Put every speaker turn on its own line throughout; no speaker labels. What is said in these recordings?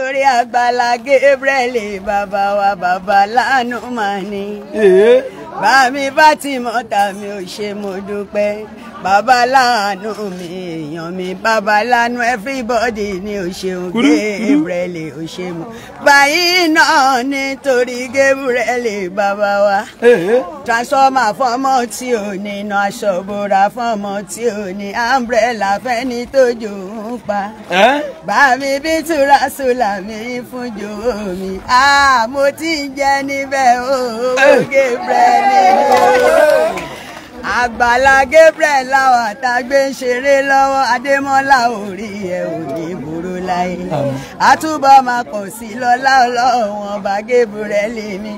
lórí àgbàlá Gabriel bàbá wa bàbá lánàá mà ní bá bá ti mọ́ ta ò ṣe mo dúpẹ́ bàbá mi èèyàn mi bàbá everybody ni ò ṣeun Gabriel ò ṣe mo báyìí náà nítorí Gabriel bàbá wa transformer fọmọ tí ò ní iná aṣọ́bora fọmọ tí ò ní umbrella fẹ́ni tójú ń pa bá mi bí tura sùlámì fún jòwó mi àmọ́ ah, tí ń jẹ níbẹ̀ ó Gabriel àgbàlá Gabriel láwà tá a gbé ń ṣeré lọ́wọ́ Adémọ́lá orí ẹ̀ ò ní láyé àtúbọ̀ máa kọ̀ sí lọ́lá Ọlọ́run ọba Gabriel mi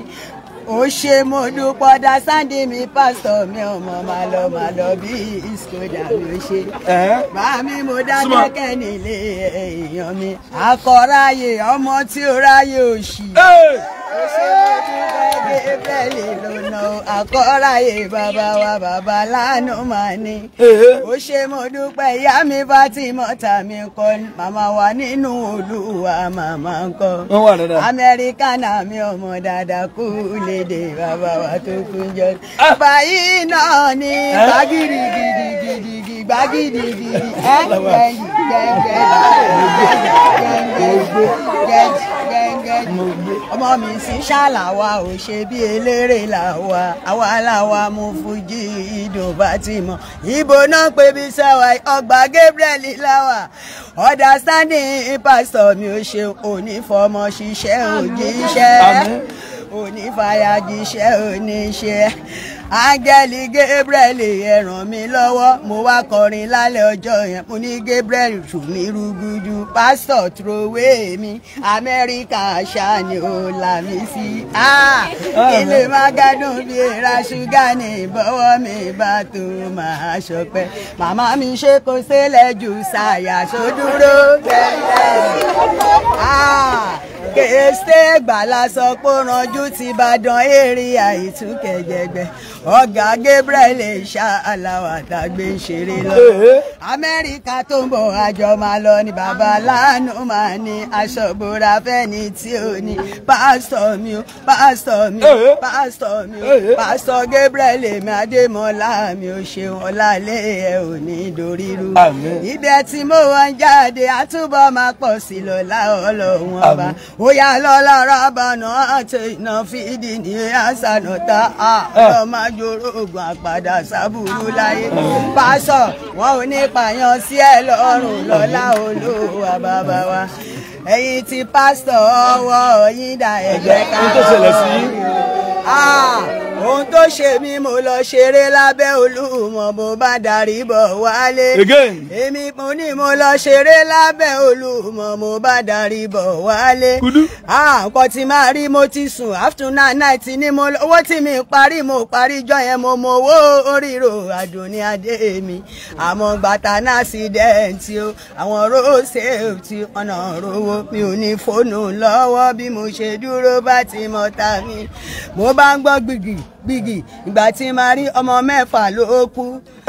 ó ṣe mo dúpọ́ dá sáńdé mi pásítọ̀ mi ọmọ máa lọ máa lọ bí ìsìkòdà mi ó ṣe. bá mi mo dá kẹ́kẹ́ nílé èèyàn mi akọ̀ráyè ọmọ tí ó ráyè òṣì. ó bàbá wa bàbá lánàá máa ní. ó ṣe mo dúpẹ́ ìyá mi bá ti mọ́ta mi kọ́ màmá wa nínú olúwa màmá ń kọ́. amẹ́ríkà náà mi ọmọ dáadáa kú lè dédé bàbá wa tó kún jọ. Ah! báyìí náà ni gbàgìrì gidigidi gbàgìrì gidigidi ọmọ mi sì ṣàlàwà ò ṣe bí eléré làwà àwa làwà mú fújì ìdùn bá ti mọ ìbò náà pé bí ọgbà Gabriel làwà understanding pastor mi ò ṣe òní fọmọ ṣiṣẹ́ òjíṣẹ́ onífàyàjíṣẹ́ oníṣẹ́ áńgẹ́lì Gabriel ẹ ràn mí lọ́wọ́ mo wá kọrin lálẹ́ ọjọ́ yẹn mo ní Gabriel tù mí rúgúdú pásítọ̀ trowé mi Amẹ́ríkà ṣáàni ò là mí sí ah, ah. ilé mágádùn bí ra ṣúgà ní bọ́wọ́ mi bá tó máa ṣọpẹ́ màmá mi ṣe kó sílẹ̀ jù ṣàyà ṣojúró bẹ́ẹ̀ ah, kèésì gbàlà sọ pé ranjú ti Ìbàdàn èrè àìtúkẹ̀jẹ̀gbẹ̀ ọ̀gá Gabriel ṣá aláwàtà gbé ń ṣeré lọ Amẹ́ríkà tó ń bọ̀ àjọ máa lọ ní bàbá láàánú máa ní aṣọ ìbora fẹ́ni tí ò ní pásítọ̀ mi o pásítọ̀ mi o pásítọ̀ mi o pásítọ̀ Gabriel èmi Adémọ́lá mi ò ṣeun ọ̀làlẹ́ ẹ̀ ò ní dorí ibẹ̀ tí mo wá ń jáde àtúbọ̀ máa pọ̀ sí lọ́la ọlọ́run ọba ó yá lọ́la rábànà àti ìnà fídì ní àṣà náà tá a ọmọ jorogun àpàdà sábúrú láyé pásọ wọn ò ní pààyàn sí ẹ lọ́rùn lọ́lá olówó àbábá ẹ̀yin ti pásítọ̀ ọwọ́ yín dà ẹ̀jẹ̀ ká ah, ohun tó ṣe mí mo lọ ṣeré lábẹ́ olúmọ mo bá darí bọ̀ wálé. again. èmi mo ní mo lọ ṣeré lábẹ́ olúmọ mo bá darí bọ̀ wálé. kudu. Ah, tí máa rí mo ti sùn afternoon night ni mo owó tí mi parí mo parí jọ yẹn mo mọ owó oríro àdùnní adé mi àmọ́ gbàtà náà sì dẹ́ẹ̀ntì o àwọn róòsè tí ọ̀nà rówó mi ò ní fóònù lọ́wọ́ bí mo ṣe dúró bá ti mọ ta mi mo bá ń gbọ́ gbìgì gbìgì ìgbà tí màá rí ọmọ mẹ́fà ló kú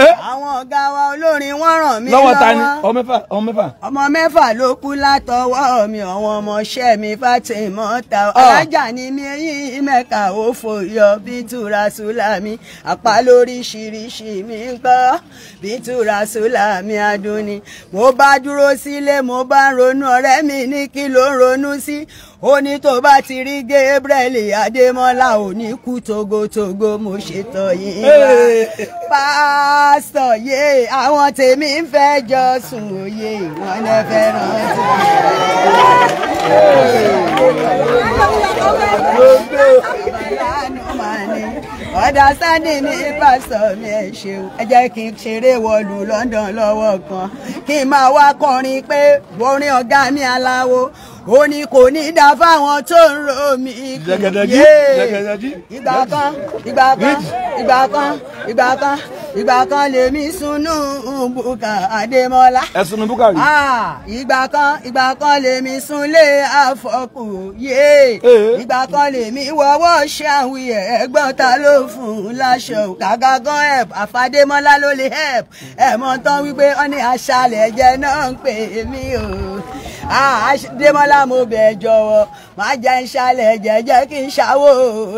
eh? àwọn ọ̀gá wa olórin wọ́n ràn mí lọ́wọ́ ta ni
ọmọ mẹ́fà ọmọ mẹ́fà
ọmọ mẹ́fà ló kú látọwọ́ mi àwọn ọmọọṣẹ́ mi Fátímọ́ta alájà ah. ni mi eyín mẹ́ka ó fòyọ bí tura sùlámì àpá lóríṣiríṣi mi ń kọ́ bí tura sùlámì adúni mo bá dúró sílé mo bá ronú ọ̀rẹ́ mi ní ní kí ló ń ronú sí ó ní tó bá ti rí Gabriel Adémọ́lá ò ní kú togotogo mo ṣètò yìí wá pásítọ̀ yé àwọn tèmi ń fẹ́ jọ sùn òye wọn lè fẹ́ rántí. ló understanding ní pásítọ̀ mi ẹ ṣeun ẹ jẹ́ kí n ṣeré wọlú London lọ́wọ́ kan kí n máa wá kọrin pé orin ọ̀gá mi aláwo ó ní kò ní dá fáwọn tó ń ro mi kì í ìgbà kan ìgbà kan ìgbà kan ah, ìgbà kan ìgbà kan lèmi sunú bùkà àdèmọ́lá. ẹ eh. sunú bùkà rí. ìgbà kan ìgbà kan lèmi sunlé àfọkù yé ìgbà kan lèmi wọ́wọ́ ṣàwìyẹ ẹgbọ́n ta ló fún un láṣọ kàkà gan help ló lè help ẹ̀ tán wípé ọ́ ní aṣálẹ̀ jẹ́ náà ń pè mí o. Àṣìdémọ́lá mo bẹ̀ jọ̀wọ́ má jẹ́ ń ṣàlẹ̀ jẹ́jẹ́ kí n ṣàwò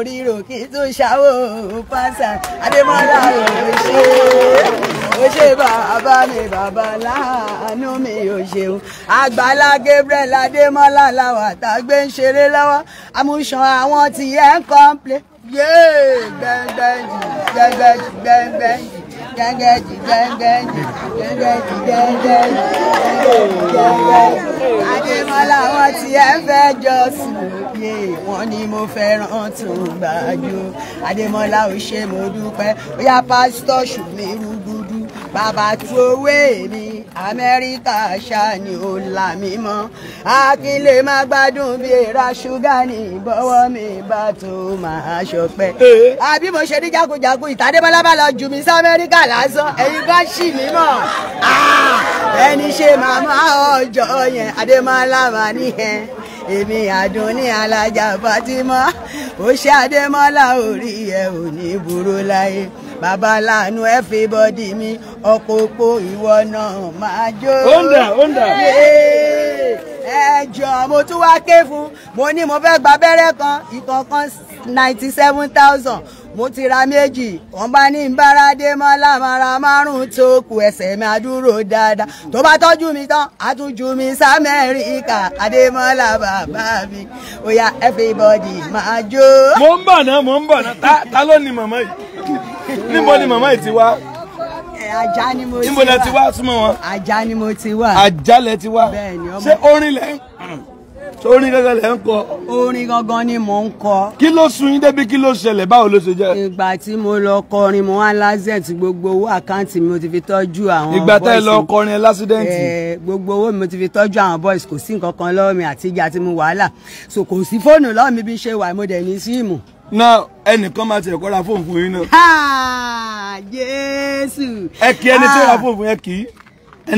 ríro kí n tún ṣàwò pásá Adémọ́lá ò ṣe ó ṣe bàbá mi bàbá láàánú mi ò ṣeun Àgbàlá Gabriel Adémọ́lá làwà tàgbé ń ṣeré lọ́wọ́ àmúṣan àwọn tí ẹ̀ ń kọ́ńplé yéé gbẹ̀ngbẹ̀njì gbẹ̀ngbẹ̀njì gbẹ̀ngbẹ̀njì gbẹ̀ngbẹ̀njì gbẹ̀ngbẹ̀njì gbẹ̀ngbẹ̀njì gbẹ̀ngbẹ̀njì gbẹ̀ngbẹ̀njì gbẹ̀ngbẹ̀njì láwọn tí ẹ fẹ́ jọ sùn yé wọn ni mo fẹ́ràn tó gbàjọ adémọlá ò ṣe mo dúpẹ́ bóyá pásítọ̀ ṣùgbọ́n irú gbúdú bàbá tó owó èmi amẹ́ríkà ṣáàní ó là mí mọ́ akínlé má gbádùn bí èèrà ṣúgà ní ìbọ̀wọ́ mi bá tó máa ṣọpẹ́. àbí mo ṣe ní jákujàku ìtàdébọ́lá bá lọ jù mí sí amẹ́ríkà lásán ẹ̀yin bá ṣì mí mọ̀ ẹni ṣe màmá ọjọ́ yẹn adémọ́lá mà níyẹn èmi àdùnní alájà fatima ó ṣe adémọ́lá orí ẹ̀ ò burú láyé bàbá lànà everybody mi okopo òpó ìwọ náà máa jó. ó ń dà ó ń dà ẹjọ mo tún wá ké fún mo ní mo fẹ́ gba abẹ́rẹ́ kan ìkọ̀ọ̀kan ninety seven thousand mo ti ra méjì wọn bá ní ìbáradé mọ́ lámara márùn-ún tó kù ẹsẹ̀ mi àdúró dáadáa tó bá tọ́jú mi tán àtúnjú mi sàmẹ́ríkà la bàbá
mi oya
everybody máa
jó. mo ń bọ̀ náà mo ń bọ̀ náà ta ló ni màmá yìí níbo ni màmá yìí ti wá.
ajá ni mo ti wá níbo lẹ ti wá
súnmọ́ wọn. ajá ni mo ti wá. ajá lẹ ti wá. ṣé orin lẹ ń ṣé orin gangan lẹ ń kọ. orin gangan ni mò ń kọ. kí ló sun yín débi kí ló ṣẹlẹ̀ báwo ló ṣe
jẹ́. ìgbà tí mo lọ kọrin mo wá lásẹ̀tì gbogbo owó àkáǹtì mi mo ti fi tọ́jú àwọn boys. ìgbà tá ẹ lọ kọrin ẹ lásídẹ̀ǹtì. gbogbo owó mi mo ti fi tọ́jú àwọn boys kò sí nǹkan kan lọ́wọ́ mi àtijọ́ àti mu
wàhálà so kò sí fóònù lọ́wọ́ mi bí ń ṣe wà mo dẹ̀ ní síìmù náà ẹnìkan máa ti ẹ̀kọ́ ra fóònù fún yín náà.
jésù.
ẹ kí ẹni tó ra fóònù fún yẹn kì
í.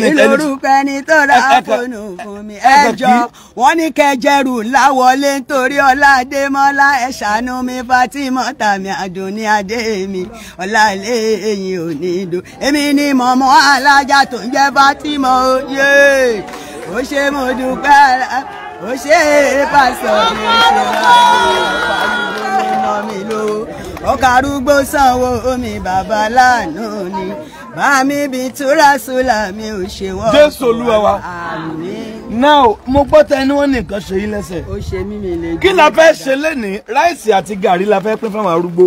ìlórúkọ ẹni tó ra fóònù fún mi ẹ jọ wọn ní kẹjẹrù ńlá wọlé nítorí ọlá adémọlá ẹ ṣàánú mi fatima tàmí àdùnní adé mi ọlá ilé ẹ̀yìn ò ní ìdó èmi ni mọmọ alájà tó ń jẹ fatima òye ó ṣe mo dúpẹ́ ó ṣe é pàṣẹ mi ṣe láàyè ọ̀pá mi mi lò ọkà arúgbó sanwó omi bàbá ni bá mi bí túrasúlà mi ò ṣe wọ́n. jésù olúwa wa
now mo gbọ́ ta ẹni wọ́n ní nǹkan ṣe yín lẹ́sẹ̀. ó ṣe mí mi lè jẹ́ kí la fẹ́ ṣe lénìí ráìsì àti gàrí la fẹ́ pín fáwọn arúgbó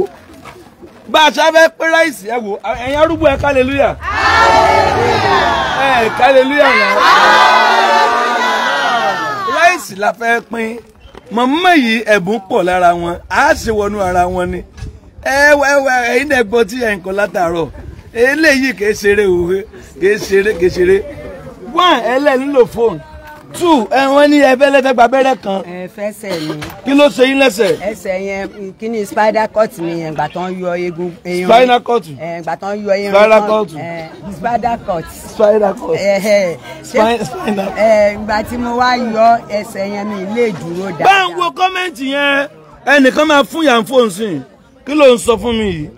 bá a ṣe fẹ́ pín ráìsì ẹ wò ẹ̀yin arúgbó ẹ kálẹ́lúyà. ẹ kálẹ́lúyà náà ráìsì la fẹ́ pín mọ̀mọ́ yìí ẹ̀bùn pọ̀ lára wọn á ṣe wọnú ara wọn ni ẹ̀wẹ̀wẹ̀ ẹ̀yin náà gbọ́ tí ẹ̀yìn kan látàárọ̀ eléyìí kìí ṣeré òwe kìí ṣeré kìí ṣeré wọ́n ẹlẹ́ni lò fóònù two ẹ wọ́n ní ẹ fẹ́ lẹ́fẹ́ gba abẹ́rẹ́ kan.
ẹ fẹsẹ̀ ni.
kí ló ṣe yín lẹ́sẹ̀. ẹsẹ̀ yẹn kí ni spider cut mi yẹn gbà
tán yọ eegun. spider cut. gbà tán yọ eegun. spider cut. spider cut. spider cut. spider. ìgbà tí mo wá yọ ẹsẹ̀ yẹn mi lè
dúró dáadáa. bá ń wo kọ́mẹ́ǹtì yẹn ẹnìkan máa fún yàn fóun sí kí ló ń sọ fún mi yìí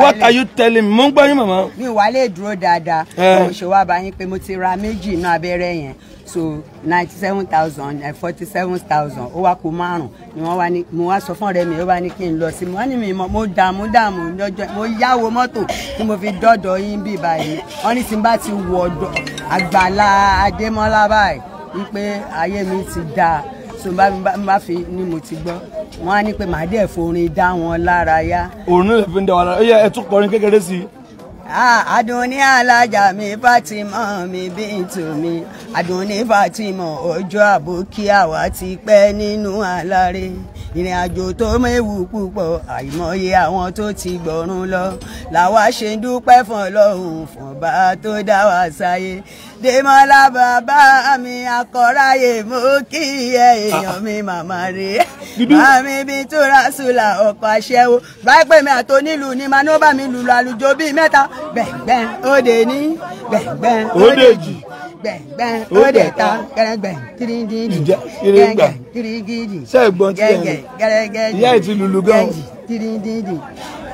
what are you telling me mo ń gbọ́ yín màmá.
mi wà lè dúró dáadáa mo ṣe wá bá yín pé mo ti ra méjì náà abẹ́rẹ́ yẹn so ninety seven thousand and eh, forty seven thousand ó wá kó márùn ni wọ́n wá ní mo wá sọ fún ọ̀rẹ́ mi ó wá ní kí n lọ sí mo wá ní mi mo dààmú dààmú lọ́jọ́ mo yáwó mọ́tò tí mo fi dọ́dọ̀ yín bí báyìí wọ́n ní tí n bá ti wọ àgbàlá Adémọ́lá báyìí wípé ayé mi ti dáa so bá mi bá fi ni mo ti gbọ́ wọ́n á ní pé màá dẹ̀ forin dá wọn lára yá. òórùn
lè fi ń dá wọn ó yẹ ẹ tún kọrin kékeré sí i
àdùnní alájà mi Fatima mi bíntu mi àdùnní Fatima ọjọ́ àbókí àwa ti pẹ́ nínú aláre ìrìn àjò tó méwu púpọ̀ àìmọye àwọn tó ti gbọ̀run lọ làwa ṣe ń dúpẹ́ fún ọlọ́run fọ̀nba tó dá wa sáyé dèmọ́lá bàbá mi akọ̀ráyè mo kí ẹ èèyàn mi màmá rè é màmí bí tó ra ọkọ̀ aṣẹ́wó báyìí pé mi àtò nílùú ni màá ní ó bá mi lùlù àlùjọ bíi mẹ́ta gbẹ̀ngbẹ̀n ó dé ní gbẹ̀ngbẹ̀n ó dé jì gbẹ̀ngbẹ̀ng ó dẹ̀ ta gẹ́rẹ́gbẹ̀ng tirigidi gẹ́ngẹ̀ tirigidi gẹ́ngẹ̀ gẹ́rẹ́gẹ́dì ìyá ìtì lulu gan tirigidi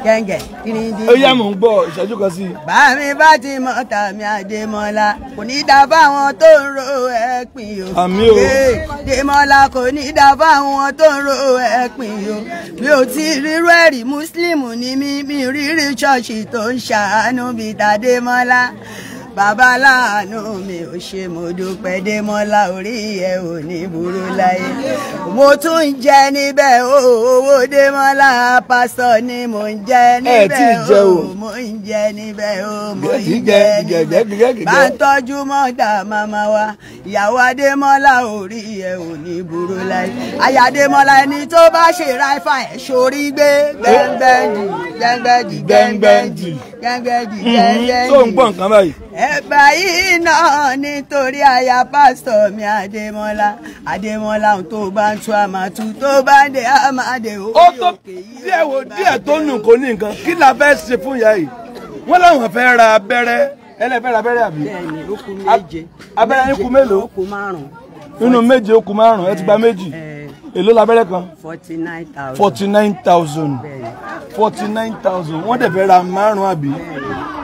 gẹ́ngẹ̀ tirigidi. ó yá mò ń
gbọ́ ìṣẹ́jú kan sí i.
bá mi bá ti mọ tàmí àdèmọ́lá kò ní dá fáwọn tó ń ro ẹ̀pìn o. àmì o. dèmọ́lá kò ní dá fáwọn tó ń ro ẹ̀pìn o. mi ò tí ì rírú ẹ̀rí mùsùlùmù ni mi mi rírí ṣọ́ọ̀ṣì tó ń ṣàánú bíi tàdémọ́lá bàbá láàánú mi ò ṣe mo dúpẹ́ dé mọ́lá orí ẹ ò ní burú láyé mo tún ń jẹ níbẹ̀ o owó dé mọ́lá pásọ ni mo ń jẹ níbẹ̀ o mo ń jẹ níbẹ̀ o
mo ń jẹ níbẹ̀ bá ń
tọ́jú mọ́dà màmá wa ìyàwó adémọ́lá orí ẹ ò ní burú láyé àyà adémọ́lá ẹni tó bá ṣe ráìfà ẹ̀ sórí gbé gbẹ́ngbẹ́ndì gbẹ́ngbẹ́ndì gbẹ́ngbẹ́ndì gbẹ́ngbẹ́ndì gbẹ́ngbẹ́ndì. Mm-hmm. tó ń gbọ́ nǹkan báyìí. ẹ ẹ̀bà yìí náà nítorí aya pásítọ̀ mi Adémọ́lá Adémọ́lá ohun tó
bá ń tú àmàtú tó bá ń dé àmàdé orí òkè yìí. díẹ̀ wo díẹ̀ tó nù kó ní nǹkan kí la fẹ́ ṣe fún ìyá yìí wọ́n láwọn fẹ́ ra abẹ́rẹ́ ẹlẹ́fẹ́ abẹ́rẹ́ àbí. bẹ́ẹ̀ni ó kù méje abẹ́rẹ́ yín kù mélòó ó kù márùn. nínú méje ó kù márùn ẹ ti gba eh, méjì eh, èló labẹ́rẹ́ kan.
forty nine thousand. forty nine
thousand. forty nine thousand wọ́n dẹ̀ fẹ́ ra márùn àbí. bẹ́ẹ̀ni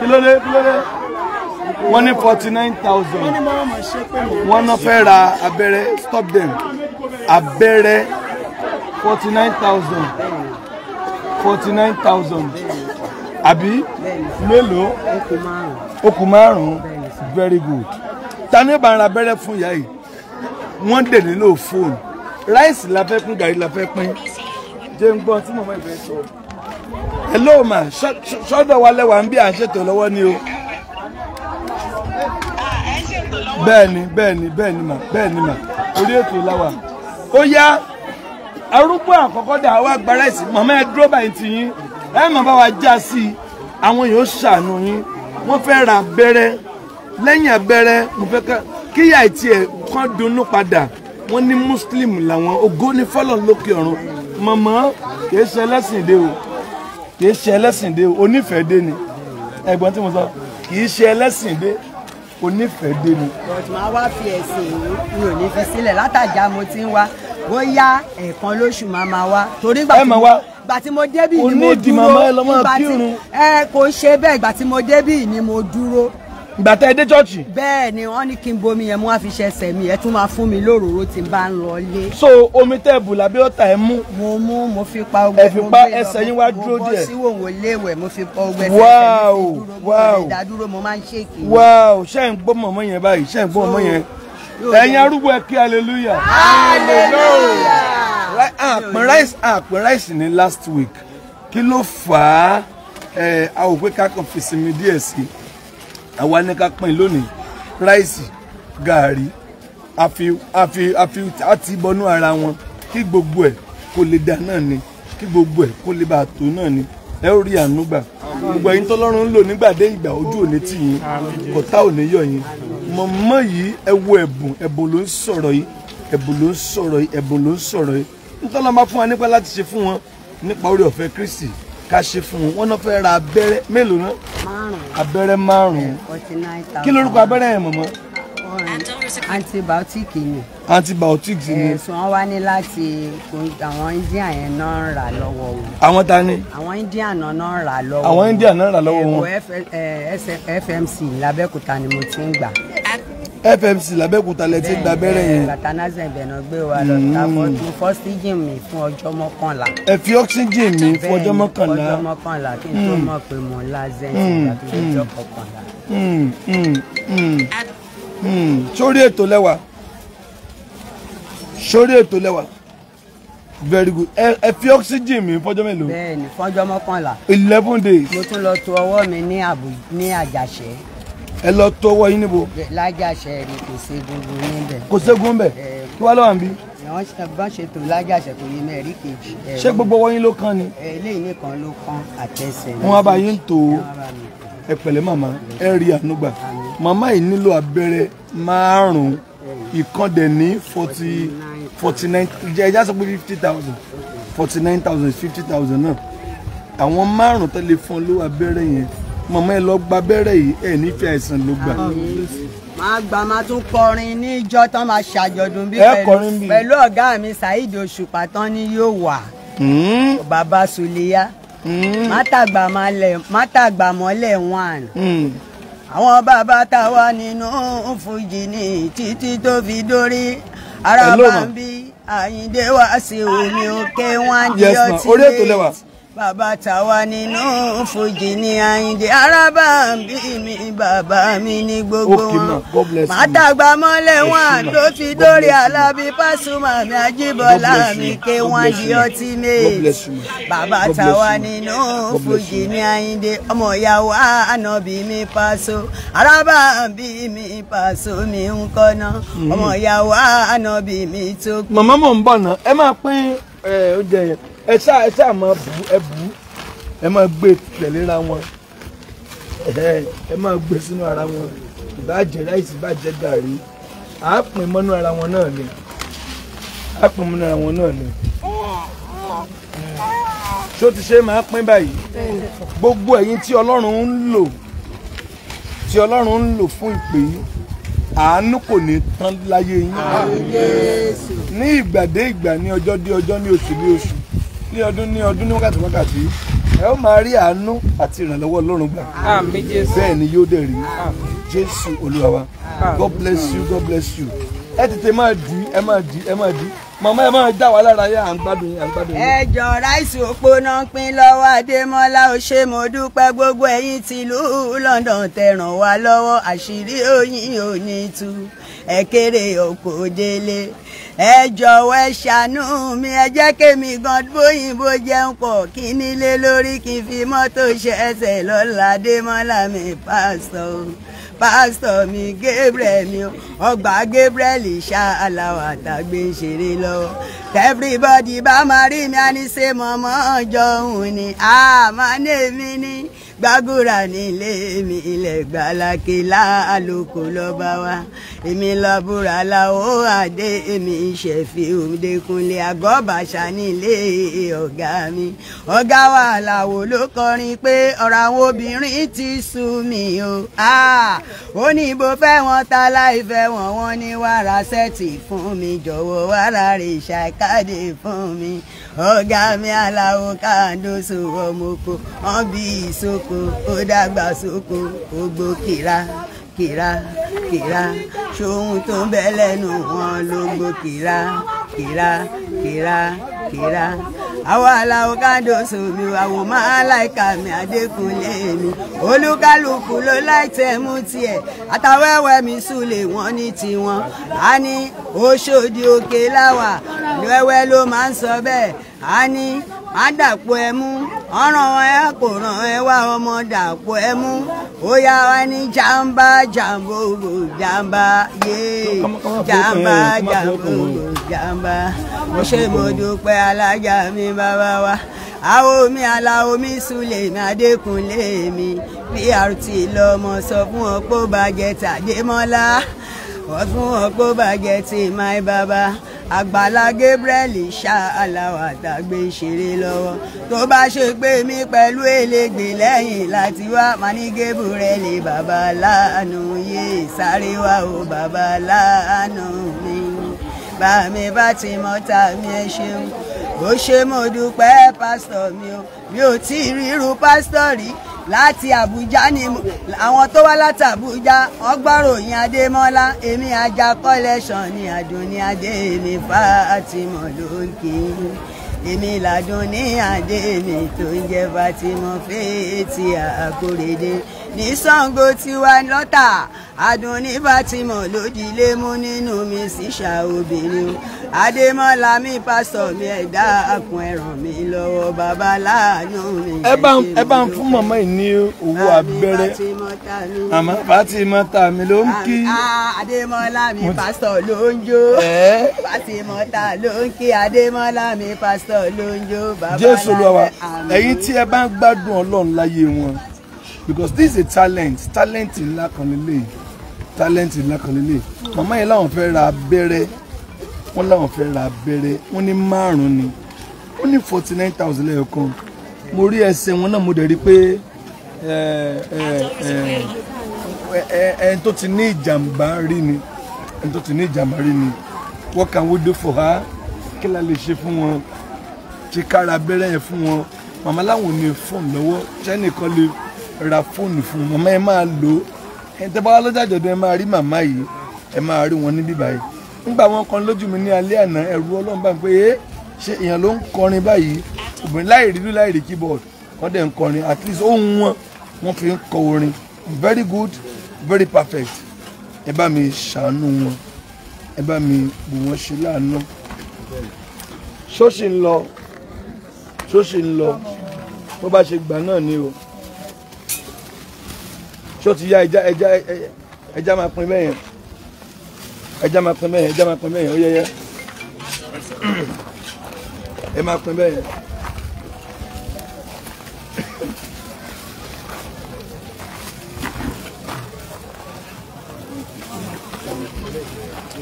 kí ló dé kí ló ní forty nine thousand wọ́n náà fẹ́ ra abẹ́rẹ́ stop them abẹ́rẹ́ forty nine thousand forty nine thousand àbí mélòó okùn márùn very good ta ni bá ń ra abẹ́rẹ́ fún ìyá yìí wọ́n dè nílò fóònù ráìsì la fẹ́ pín gàrí la fẹ́ pín jẹun gbọ́n tí màmá ìfẹ́ sọ hello ma sọ́dọ̀ wa lẹ́wà ń bí a ń ṣètò lọ́wọ́ ni o. bẹ́ẹ̀ni bẹ́ẹ̀ni bẹ́ẹ̀ni mà bẹ́ẹ̀ni mà orí ètò làwà. ó yá arúgbó àkọ́kọ́ dà wá gba rẹ́sì màmá ẹ dúró báyìí ti yín ẹ má bá wa já sí i àwọn èèyàn ṣàánú yín wọ́n fẹ́ ra abẹ́rẹ́ lẹ́yìn abẹ́rẹ́ mo fẹ́ kíyà tiẹ̀ kán dunnú padà wọ́n ní muslim làwọn ògo ní fọlọ́ lókè ọ̀run màmá kì í ṣe ẹlẹ́sìn ìdè o kì ṣe ẹlẹ́sìndé onífẹ̀ẹ́dé ni ẹ̀gbọ́n tí mo sọ kì ṣe ẹlẹ́sìndé onífẹ̀ẹ́dé ni.
but màá wá fi ẹ̀sìn mi ò ní fi sílẹ̀ látàjà mo ti ń wá bóyá ẹ̀ẹ̀kan lóṣù màá máa wá torí gbà tí mo gbà débì ni mo dúró nígbà tí ẹ kò ṣe bẹ́ẹ̀ gbà tí mo débì ni mo dúró ìgbà tẹ ẹ dé chọọchì. bẹ́ẹ̀ ni wọ́n ní kí n bomi yẹn mú wá fi ṣẹsẹ̀ mi ẹ tún máa fún mi lóròró
tí n bá ń lọ lé. so omi tẹ bù lábẹ́ ọ̀tà ẹ mú. mo mú mo fi pa ogbẹ mo gbé lọ ẹ fi pa ẹsẹ̀ yín wá dúró díẹ̀. mo bọ́ sí òwò léèwẹ̀ mo fi pa ogbẹ ẹsẹ̀ mi sí dúró mo
dádúró mo máa ń
ṣe kì í. wáò ṣe ń gbọ́ mọ̀mọ́ yẹn báyìí ṣe ń gbọ́ mọ̀mọ́ yẹn. ẹ̀yin arúgbó ẹ kí hallelujah. hallelujah. àpín ah, rice àpín ah, rice ní last week kí ló fà á a ò pé ká kàn fèsì mi díẹ̀ sí i àwa ní ká pín lónìí ráìsì gàárì àfi àfi àfi àti bọnú ara wọn kí gbogbo ẹ̀ kó lè dá náà ni kí gbogbo ẹ̀ kó lè bá tó náà ni ẹ ó rí àánú gbà gbogbo ẹ̀yin tọ́lọ́run ń lò nígbà dé ìgbà ojú òní tì yín ọ̀tá òní yọ̀ yín mọ̀mọ́ yìí ẹ wo ẹ̀bùn ẹ̀bùn ló ń sọ̀rọ̀ yìí ẹ̀bùn ló ń sọ̀rọ̀ yìí ẹ̀bùn ló ń sọ̀rọ̀ yìí ntọ́lọ́ máa fún wa nípa láti ṣe fún wọn nípa orí ọ̀fẹ́ Kristi ká ṣe fún un wọn náà fẹ́ ra abẹ́rẹ́ mélòó náà abẹ́rẹ́ márùn-ún
kí lórúkọ abẹ́rẹ́
yẹn mọ̀mọ́. antibiotic ni. antibiotic ni. ẹ̀sùn
wọn wá ní láti àwọn India yẹn náà ń rà lọ́wọ́ wọn. àwọn ta ni. àwọn India náà náà ń rà lọ́wọ́ wọn. àwọn
India náà ń rà lọ́wọ́ wọn.
ẹ̀kọ́ FMC
làbẹ́òkúta ni mo ti ń gbà. FMC làbẹ́kúta lẹ ti ń da abẹ́rẹ́ yẹn.
latanaza ìbẹ̀nà gbé wa lọ ta hmm. fọ́tún fọ́síjìn mi fún ọjọ́ mọ́kànlá. ẹ fi
oxygen mi fún ọjọ́ mọ́kànlá. ọjọ́ mọ́kànlá kí n tó hmm. mọ̀
pé mo ń lazẹ́ nígbà ọjọ́ kọkànlá.
Hmm, sórí ètò lẹ́wà sórí ètò lẹ́wà very good ẹ ẹ fi oxygen mi fọjọ́ mélòó. bẹ́ẹ̀ni fọjọ́ mọ́kànlá. eleven days. mo tún lọ to ọwọ́ mi ní àjàṣẹ́ ẹ lọ tọwọ́ yín níbo. lájàṣẹ ni kò ségungun níbẹ̀. kò ségun bẹ̀ kí wàá lọ́wọ́ àbí.
wọ́n ṣe bọ́n ṣe tó lájàṣẹ kò yé mẹ́rin kejì. ṣé gbogbo ọwọ́ yín ló kán ni. eléyìí nìkan ló kán àtẹsẹ̀. wọn bá yín tó
ẹ pẹ̀lẹ́ màmá ẹ rí ànúgbà màmá yìí nílò abẹ́rẹ́ márùn-ún ìkànnì ní forty forty nine jẹ́ ẹja sọ pé fifty thousand forty nine thousand fifty thousand náà àwọn márùn-ún tẹ́lẹ̀ fún ọ ló abẹ́rẹ́ yẹn màmá ẹ lọ gba abẹ́rẹ́ yìí ẹ ní fi àìsàn ló gbà.
màá gbà máa tún kọrin ní ìjọ tán máa ṣàjọ̀dún bí pẹ̀lú ọ̀gá mi Saheed Òṣùpá tán ni yóò wà hmm. bàbá Sùlíyá hmm. mátàgbà mọ́lẹ̀ wọn hmm. àwọn bàbá tá a wà nínú fújì ní títí tó fi dórí ara bá ń bí Àyìndé wá sí omi òkè wọn di ọtí bàbá tàwa nínú fújì ní àyíǹde arábà bí mi bàbá mi ní gbogbo wọn màtàgbà mọ́lẹ̀ wọn tó fi dórí alábí pásùmà mi àjíbọ́lá mi ké wọn di ọtí méjì bàbá tàwa nínú fújì ní àyíǹde ọmọ ìyàwó ànábì mi pàṣọ arábà bí mi pàṣọ mi ń kọ́nà hmm. ọmọ ìyàwó ànábì
mi tó kú. màmá mò ń bọ̀ náà ẹ máa pín oúnjẹ yẹn ẹ ṣá ẹ ṣá máa bu ẹ bu ẹ máa gbé tẹ̀léra wọn ẹ máa gbé sínú ara wọn ìbàjẹ́ ráìsì ìbàjẹ́ gàrí à á pín mọ́nú ara wọn náà ni à á pín mọ́nú ara wọn náà ni ṣó ti ṣe máa pín báyìí gbogbo ẹ̀yin tí ọlọ́run ń lò tí ọlọ́run ń lò fún ìpè yìí àánú kò ní tán láyé yín ní ìgbà dé ìgbà ní ọjọ́ dé ọjọ́ ní oṣù dé oṣù ní ọdún ní ọdún ní wákàtí wákàtí ẹ ó máa rí àánú àti ìrànlọ́wọ́ Ọlọ́run gbà bẹ́ẹ̀ ni yóò dẹ̀ rí Jésù Olúwa wa God bless you God bless you ẹ tètè máa dì ẹ máa di. ẹ máa dì màmá ẹ máa dá wa lára yá à ń gbádùn yín à ń gbádùn yín.
ẹjọ ráìsì òpónà pín lọ́wọ́ adémọlá ó ṣé mo dúpẹ́ gbogbo ẹ̀yin tìlú London tẹràn wá lọ́wọ́ àṣírí oyin ò ní tú ẹ kéré oko délé ẹ jọ̀wọ́ ṣàánú mi ẹ jẹ́ kémi gan bóyìnbó jẹun pọ̀ kí nílé lórí kí n fi mọ́tò ṣe ẹsẹ̀ lọ́la mi pásítọ̀ pásítọ̀ mi gabriel mi ọgbà gabriel ṣá aláwọ̀ àtàgbé ṣeré lọ́wọ́ everybody bá máa rí mi á ní ṣe mọ̀mọ́ òun ni àmọ́ ní èmi ni gbàgùrà nílé mi ilẹ̀ gbàlàkì láàlùkò lọ́ba wa èmi lọ́bùrà láwọ́ àdé èmi ìṣẹ̀fì òdekunlé àgọ́bàṣà nílé ọ̀gá mi ọ̀gá wa làwọ̀ ló kọrin pé ọ̀rọ̀ àwọn obìnrin ti sú mi o ó ní ibo fẹ́ wọn ta láì fẹ́ wọn wọn ní wàrà sẹ́ẹ̀tì fún mi jọ̀wọ́ wàrà rè ṣàkàdé fún mi ọ̀gá mi aláwo káàdóso ọmọ oko wọ́n bí ìsoko ó dàgbà sóko ó gbókìrá. Kira, kira, ṣòun tó ń bẹ lẹ́nu wọn ló ń gbó kìrá kìrá kìrá kìrá àwa aláwo kádò sómi àwò máa láìka mi Adékúnlé mi olúkálùkù ló láìtẹ́ mú tiẹ̀ àtàwẹ́wẹ́ mi súlè wọ́n ní tiwọn a ní Òṣòdì Òkè láwà wẹ́wẹ́ ló máa ń sọ bẹ́ẹ̀ a ní. má dàpọ̀ ẹ ọ̀ràn ẹ kò ràn ẹ wá ọmọ dàpọ̀ ẹmú ó yá wa ní jàǹbá jàǹbòrò jàǹbá yé jàǹbá jàǹbòrò mo ṣe mo dúpẹ́ alájà mi bàbá wa omi aláwo mi mi mi BRT sọ fún ọpọ fún ọpọ àgbàlá Gabriel ṣáàlàwà tàgbé ṣeré lọ́wọ́ tó bá ṣe pé mi pẹ̀lú elégbè lẹ́yìn láti wá máa ní Gabriel bàbá láàánú yé sáré wá o bàbá láàánú mi bàmí bá ti mọ́ta mi ẹ ṣeun bó ṣe mo dúpẹ́ pásítọ̀ mi o mi ò tí ì ríru pásítọ̀ rí láti Àbújá ni àwọn tó wá láti Àbújá wọ́n yín Adémọ́lá èmi ajá collection ni Àdùnní Adé mi Fátímọ̀ ló ń kí i èmi làdùn ní Adé mi tó ń jẹ́ Fátímọ̀ fèétì Àkórèdé ní Ṣàngó tiwa lọ́tà adùn ní Fatima lódìlé mú nínú mi síṣà obìnrin Adémọ́lá mi pásọ mi ẹ̀dá àkùn ẹ̀ràn mi lọ́wọ́ bàbá láàánú
mi. ẹ bá ń fún màmá yìí ní owó abẹ́rẹ́ àmọ́ Fatima ta mi ló ń kí. Ah,
ah, Adémọ́lá mi pásọ ló ń jó Fatima ta ló ń kí Adémọ́lá mi pásọ ló ń jó bàbá láàánú mi. Jésù lọ wa ẹ̀yin
tí ẹ bá ń gbádùn Ọlọ́run láyé wọn because this is a talent talent ńlá kan lélẹ̀ talent ńlá kan lélẹ̀ Mama yẹn láwọn fẹ́ ra abẹ́rẹ́ wọ́n láwọn fẹ́ ra abẹ́rẹ́ wọ́n ní márùn ni wọ́n ní forty nine thousand lẹ́yọ̀kan mo rí ẹsẹ̀ wọn náà mo dẹ̀ rí pé ẹni tó ti ní ìjàmbá rí ni ẹni tó ti ní ìjàmbá rí ni what can we do for her kí la lè ṣe fún wọn ṣe kára abẹ́rẹ́ yẹn fún wọn màmá láwọn ò ní fọ́ọ̀n lọ́wọ́ ṣẹ́nìkan lè ra fóònù fún un màmá ẹ máa lò ó bá wá lọ́jà àjọ̀dún ẹ máa rí màmá yìí ẹ máa rí wọn níbí báyìí nígbà wọn kan lójú mi ní alẹ́ àná ẹ̀rù ọlọ́run bá ń pé ṣé èèyàn ló ń kọrin báyìí obìnrin láì rí láì rí keyboard wọ́n dẹ̀ ń kọrin at least ohun wọn wọ́n fi ń kọ orin very good very perfect ẹ bá mi ṣàánú wọn ẹ bá mi bù wọ́n ṣe láàánú ṣó ṣì ń lọ ṣó ṣì ń lọ bó bá ṣe gbà náà ni o ṣó ti yá ẹja ẹja ẹja máa pin bẹ́ẹ̀ yẹn ẹja máa pin bẹ́ẹ̀ yẹn ẹja máa pin bẹ́ẹ̀ yẹn ó yẹ yẹ ẹ máa pin bẹ́ẹ̀ yẹn.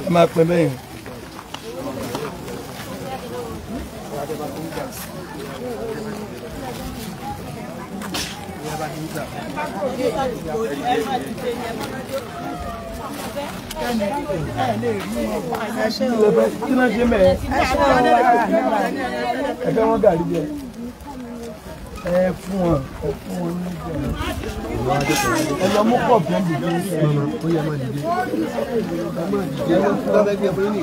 ẹ máa pin bẹ́ẹ̀ yẹn. kí ló ṣe mẹ́ẹ̀ ẹ fẹ́ wọ́n gàrí jẹ ẹ fún wọn ẹ fún wọn ní ìjọba ẹ lọ mú pọ̀ bí ẹni bí ẹni ó yẹ máa dìde ẹ lọ fún ẹ fún ẹ fún ẹ lónìí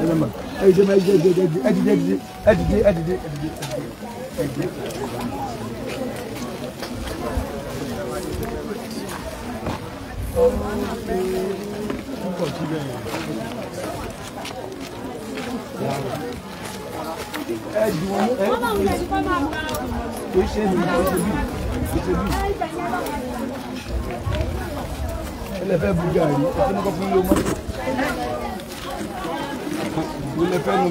ẹ lọ mà ẹ jẹ ẹ jẹ ẹ jẹ ẹ jẹ ẹ jẹ ẹ jẹ ẹ jẹ ẹ jẹ ẹ jẹ. É é jù wọn ẹ kò ṣe é ọṣẹ bí ọṣẹ bí ele? fẹ́ bu gàrí ẹsẹ ní kọ fún ilé ọmọ ìwé lẹfẹ nu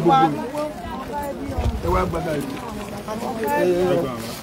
É ẹ wá é yìí.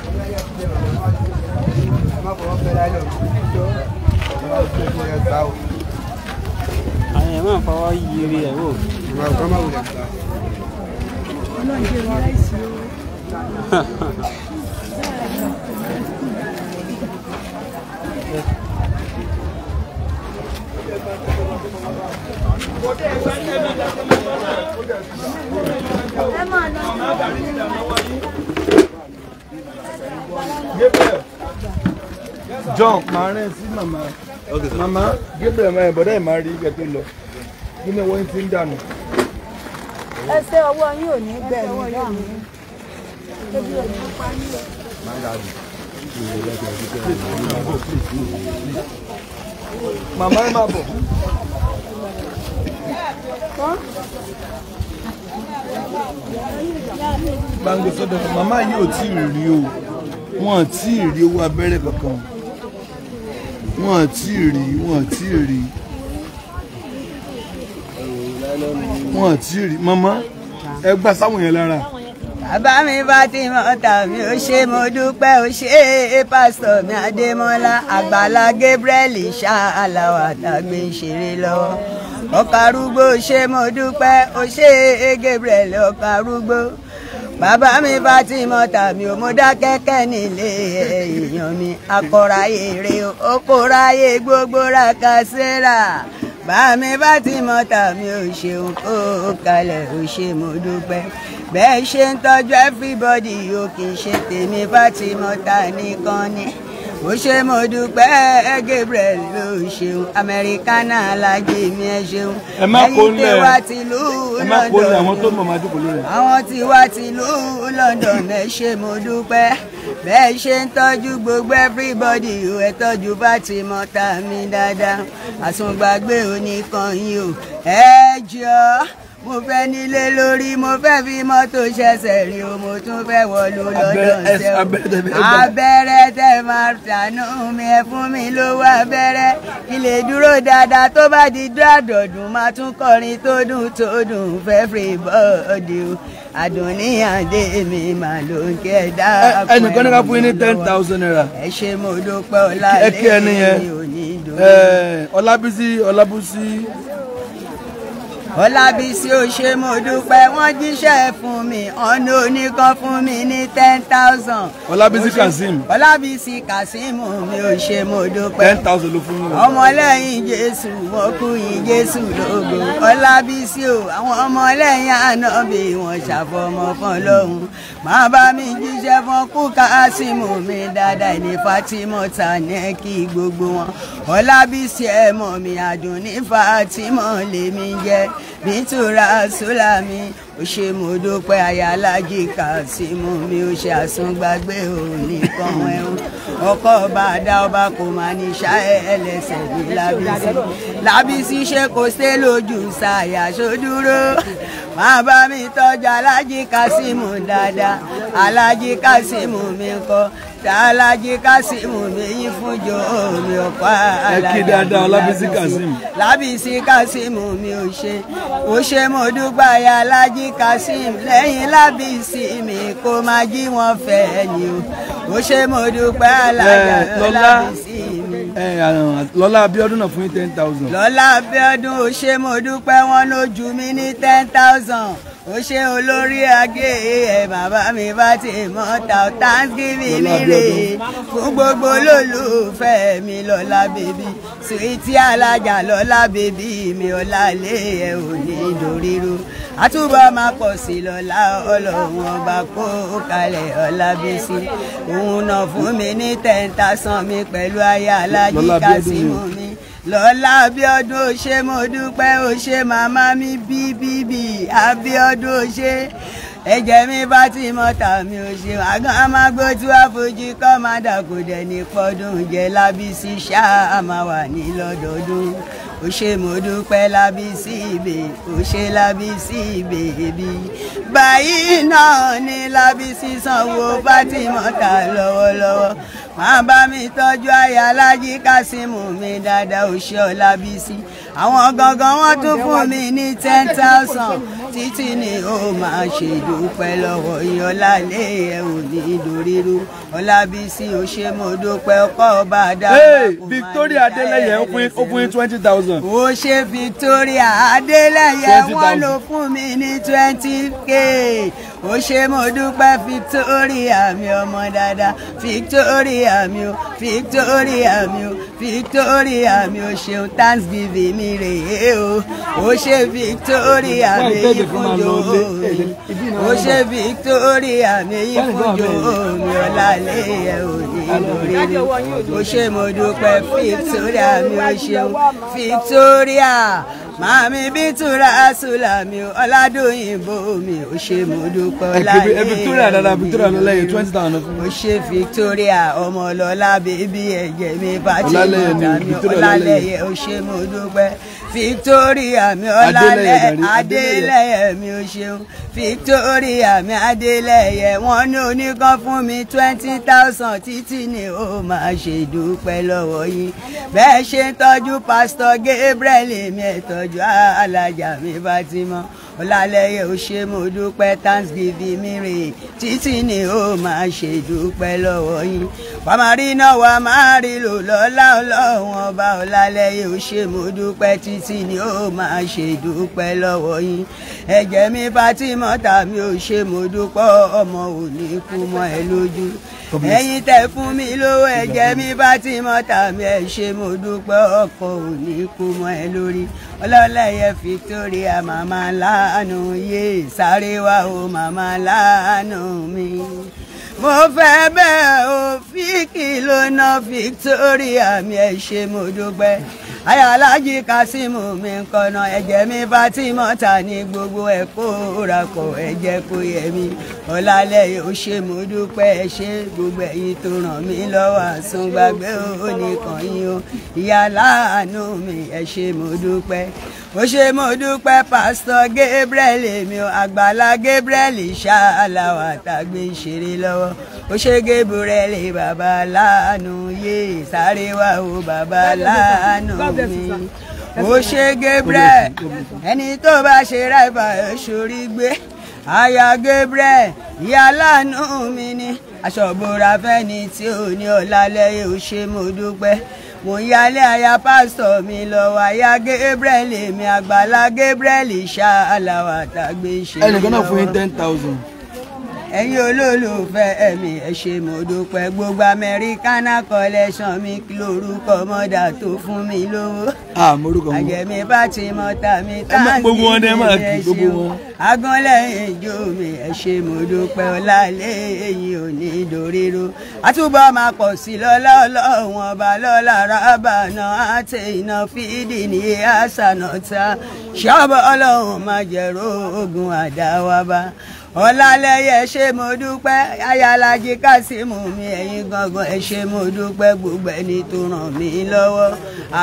àyè ẹ máa lọ sí ọ̀gá. John máa rẹ́ mama. màmá màmá Gabriel máa bọ̀dá ẹ̀ máa rí ibẹ̀ tó lọ kí ni wọ́n ti ń dànù. ẹsẹ̀ ọwọ́ yín ò ní bẹ́ẹ̀ ní dànù ebi ò ní pa yín o. màmá ẹ máa bọ̀. gbàǹgbèsọdọ màmá yìí ò tí ì rí o wọn ò tí ì rí owó abẹ́rẹ́ kankan wọn àti rí wọn àti rí wọn àti rí mama ẹ gbà sáwọn yẹn lára. Bàbá
mi Fátímọ̀ tàbí ó ṣe mo dúpẹ́ ó ṣe é pásítọ̀ mi Adémọ́lá Àgbàlá Gabriel ṣáàlàwà tàgbé ìṣeré lọ́wọ́. Ọkà arúgbó ṣe mo dúpẹ́ ó ṣe é Gabriel ọkà arúgbó bàbá mi bá ti mọ tàbí o mo dá nílé èèyàn mi akọ̀ráyé rè ó kóráyé gbogbo ra kásẹ́rà bàbá mi bá ti mọ tàbí o ṣeun kó kalẹ̀ o ṣe mo dúpẹ́ bẹ́ẹ̀ ṣe ń tọ́jú everybody o kì í ṣe tèmi bá ti mọ ta nìkan ni mo ṣe mo dúpẹ́ Gabriel ló ṣeun amẹ́ríkánà alájì mi ẹ ṣeun ẹ̀yin tí wá ti London àwọn tí wá ti London ẹ ṣe mo dúpẹ́ bẹ́ẹ̀ ṣe ń tọ́jú gbogbo everybody o ẹ tọ́jú bá ti mọ ta mi dáadáa àsùngbàgbé oníkan yìí o ẹ jọ mo fẹ́ nílé lórí mo fẹ́ fi mọ́tò ṣẹ̀ṣẹ̀ rí o mo tún fẹ́ wọlú lọ́dọ̀ ṣe o abẹ́rẹ́ tẹ máa tànú mi ẹ fún mi lówó abẹ́rẹ́ ilé dúró dáadáa tó bá di dádọ̀dún máa tún kọrin tó dùn tó dùn fẹ́ fi bọ́ọ̀dì o àdùnníyàndé mi máa ló ń kẹ́ dá pẹ́ ẹnìkan ní
ká fún yín ní ten thousand naira ẹ ṣe mo dúpẹ́ ọlá lẹ́yìn mi ò ní ìdòwò ọlábísí ọlábísí. Ọlábísí ó ṣe mo dúpẹ́
wọ́n jíṣẹ́ fún mi ọ̀nà oníkan fún mi ní ten thousand.
Ọlábísí Kazeem.
Ọlábísí Kazeem mi ó
ṣe mo dúpẹ́. ten thousand ló fún mi. ọmọlẹ́yìn
Jésù mo kú yìn Jésù lógo Ọlábísí o àwọn ọmọlẹ́yìn ànábì wọn ṣàfọmọ fún lọ́hùn máa bá mi jíṣẹ́ fún kú Kazeem mi dáadáa ní Fatima ta ní kí gbogbo wọn Ọlábísí ẹ̀ mọ̀ mi àdùn ní Fatima lèmi jẹ́ nítura sùlámì ó ṣe mo dúpẹ́ ayálájì kàsímù mi ó ṣe àsúngbàgbé òní kan ẹ̀hún ọkọ̀ ọba àdá ọba kò máa ní ṣá ẹlẹ́sẹ̀ ní lábísí lábísí ṣe kò ṣe lójú ṣàyà ṣojúró máa bá mi tọ́jú alájì kàsímù dáadáa alájì kàsímù mi kọ́ tàlàjì kásìmù méyí fúnjọ mi ọ̀pá alájà. ẹ kí lábísí kásìmù. lábísí kásìmù mi ò ṣe ò ṣe mo dúpẹ́ ya kásìmù lẹ́yìn lábísí mi kó má jí wọn fẹ́ ni o ò ṣe mo dúpẹ́
alájà eh, lábísí mi. Eh, lọ́lá abíọ́dún náà
fún yín ten thousand. lọ́lá abíọ́dún ò ṣe mo dúpẹ́ wọn lójú mi ní ten thousand o ṣe olórí agé ẹ bàbá mi bá ti mọ ta thanksgiving mi rè fún gbogbo olólùfẹ́ mi lọ́la bèbí sùwìtì alájà lọ́la bèbí mi ọ̀la lé ẹ ò ní dòríro àtúbọ̀ máa pọ̀ sí lọ́la ọlọ́run ọba kó kalẹ̀ ọ̀la bèsì òun náà fún mi ní ten thousand mi pẹ̀lú aya alájí kásímù mi lọ́lá Abíọ́dún ó ṣé mo dúpẹ́ ó ṣé màmá mi bíbíbí Abíọ́dún ó ṣé ẹ̀jẹ̀ mi bá ti mọ tàmí ò ṣe àgán amágbó tí wàá fojú kọ́ má dàkú dẹ̀ ní pọ́dún jẹ́ lábísí ṣáà máa wà ní lọ́dọọdún ó ṣe mo dúpẹ́ lábísí ìbè ó ṣe lábísí ìbè bí. báyìí náà ni lábísí sanwó fátímọ́ta lọ́wọ́lọ́wọ́ máa bá mi tọ́jú aya Aláàjì Kásímù mi dáadáa ó ṣe Ọlábísí àwọn gangan wọ́n tún fún mi ní ten thousand títí ni ó máa ṣe d dúpẹ́ lọ́wọ́ yín ọlálẹ́ ní dorírú ọlábísí ò ṣe mo dúpẹ́ ọkọ̀ ọba àdàbà.
Victoria Adeleye ó
twenty thousand. ó ṣe Victoria Adeleye wọ́n ló fún mi ní twenty k ó ṣe mo dúpẹ́ Victoria mi ọmọ dáadáa Victoria mi o Victoria mi o Victoria mi o ṣeun thanksgiving mi rèé o ó ṣe Victoria mi yí fún jòó ó ṣe Victoria mi yí fún jòó mi ọ̀làlẹ́ ẹ̀ ò lórí mi ó ṣe mo dúpẹ́ Victoria mi o ṣeun Victoria. Mami Bíntúrà Sùlámì Ọládòyìnbó mi ò ṣe mo dúpẹ́
láyé. Ẹ Victoria dada Victoria lọ́lá yẹn ṣe
Victoria ọmọlọ́lá bèbí ẹ̀jẹ̀ mi bá ti mọ̀ dàmí ò ṣe mo dúpẹ́. Victoria mi ọlálẹ Adélẹyẹ mi ò ṣeun Victoria mi Adélẹyẹ wọ́n ní oníkan fún mi twenty thousand títí ni o máa ṣe dúpẹ́ lọ́wọ́ yín bẹ́ẹ̀ ṣe ń Pastor pásítọ̀ Gabriel mi ẹ tọ́jú alájà mi Fatima ọlálẹ́yẹ ó ṣe mo dúpẹ́ thanksgiving mi rè títí ni ó máa ṣe dúpẹ́ lọ́wọ́ yín wàá máa rí náà wàá máa rí lò lọ́lá ọlọ́run ọba ọlálẹ́yẹ ó ṣe mo dúpẹ́ títí ni ó máa ṣe dúpẹ́ lọ́wọ́ yín ẹ̀jẹ̀ mi fatimọ́ta mi ò ṣe mo dúpẹ́ ọmọ òní kú mọ́ ẹ lójú ẹ̀yin tẹ́ fún mi lówó ẹ̀jẹ̀ mi fatimọ́ta mi ẹ ṣe mo dúpẹ́ ọkọ òní kú mọ́ ẹ lórí ọlọ́lẹ́yẹ fi torí a màmá láàánú yé sáré wá o màmá láàánú mi mo fẹ́ bẹ́ẹ̀ o fíkì lóná Victoria mi ẹ ṣé mo dúpẹ́ ayálájì kásímù mi ń kọ́nà mi bá tí mọ́ta ní gbogbo ẹ̀ kó rakọ̀ ẹ̀jẹ̀ yẹ mi ọ̀làlẹ̀ yóò ṣe mo dúpẹ́ ẹ ṣe gbogbo ẹ̀yin tó ràn mí lọ́wọ́ àsùngbàgbé ò nìkan o ìyá láàánú mi ẹ ṣe mo dúpẹ́ mo ṣe mo dúpẹ́ pásítọ̀ Gabriel èmi o àgbàlá Gabriel ṣáàlàwà tàgbé ìṣeré lọ́wọ́ mo ṣe Gabriel bàbá láàánú yé sáré wá o bàbá láàánú mi mo ṣe Gabriel ẹni tó bá ṣe ráìbà ẹ̀ ṣorí gbé aya Gabriel ìyá láàánú mi ni aṣọ́bùrà fẹ́ni tí ò ní ọ̀la lẹ́yìn ò ṣe mo dúpẹ́ mo ń yálé aya pásítọ̀ mi lọ́wọ́ aya Gabriel mi àgbàlá Gabriel ṣáà làwọn àtàgbé ṣe. ẹnìkan náà fún yín ten thousand ẹ̀yin olólùfẹ́ ẹ̀mí ẹ ṣé mo dúpẹ́ gbogbo amẹ́ríkánà collection mi lórúkọ mọ́dà tó fún mi lówó.
àmórúkọ mọ àjẹmí
bá tàmí táǹkì mi ẹ ṣé mo agánlẹ́yìn ijó mi ẹ ṣé mo dúpẹ́ ọ̀làlẹ́ èyí ò ní àtúbọ̀ máa pọ̀ sí lọ́lá ọlọ́run ọba lọ́lá rábànà àti iná fídì ní àṣà náà ta ṣọ́ọ̀bù ọlọ́run máa jẹ̀rọ ogun àdáwábá ọlálẹyẹ ṣé mo dúpẹ́ ayálájí kásímù mi ẹ̀yin gangan ẹ ṣé mo dúpẹ́ gbogbo ẹni tó ràn mí lọ́wọ́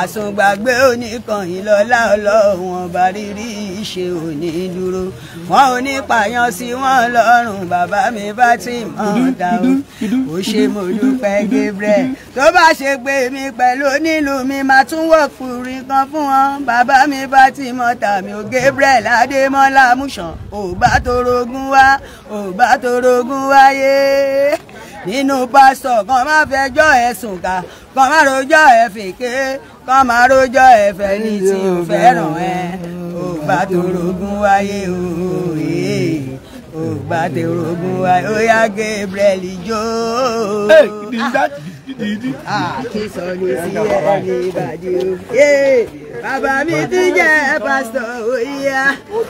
àsùngbàgbé oníkànnì lọ́lá ọlọ́run ọba rírí ìṣe òní dúró wọn ò ní pààyàn sí wọn lọ́rùn bàbá mi bá ti mọ̀ ọ́ dáhùn ó ṣé mo dúpẹ́ Gabriel tó bá ṣe pé mi pẹ̀lú onílù mi máa tún wọ̀kùnrin kan fún wọn bàbá mi bá ti mọ̀ tàmí ò Gabriel Adémọ́lá Múṣàn ò bá torogún wá wa ò bá torogún wáyé nínú pásọ kan má fẹjọ́ ẹ sùn ká kan má rojọ́ ẹ fèké kan má rojọ́ ẹ fẹni tí ò fẹ́ràn ẹ ò bá torogún wáyé òye eh, ò bá torogún wáyé ó yá Gabriel jó gidigidi. àkísọ ah, ni sí ẹni ìbàdí o. Eh, bàbá mi ti jẹ́ pásítọ̀ òyìá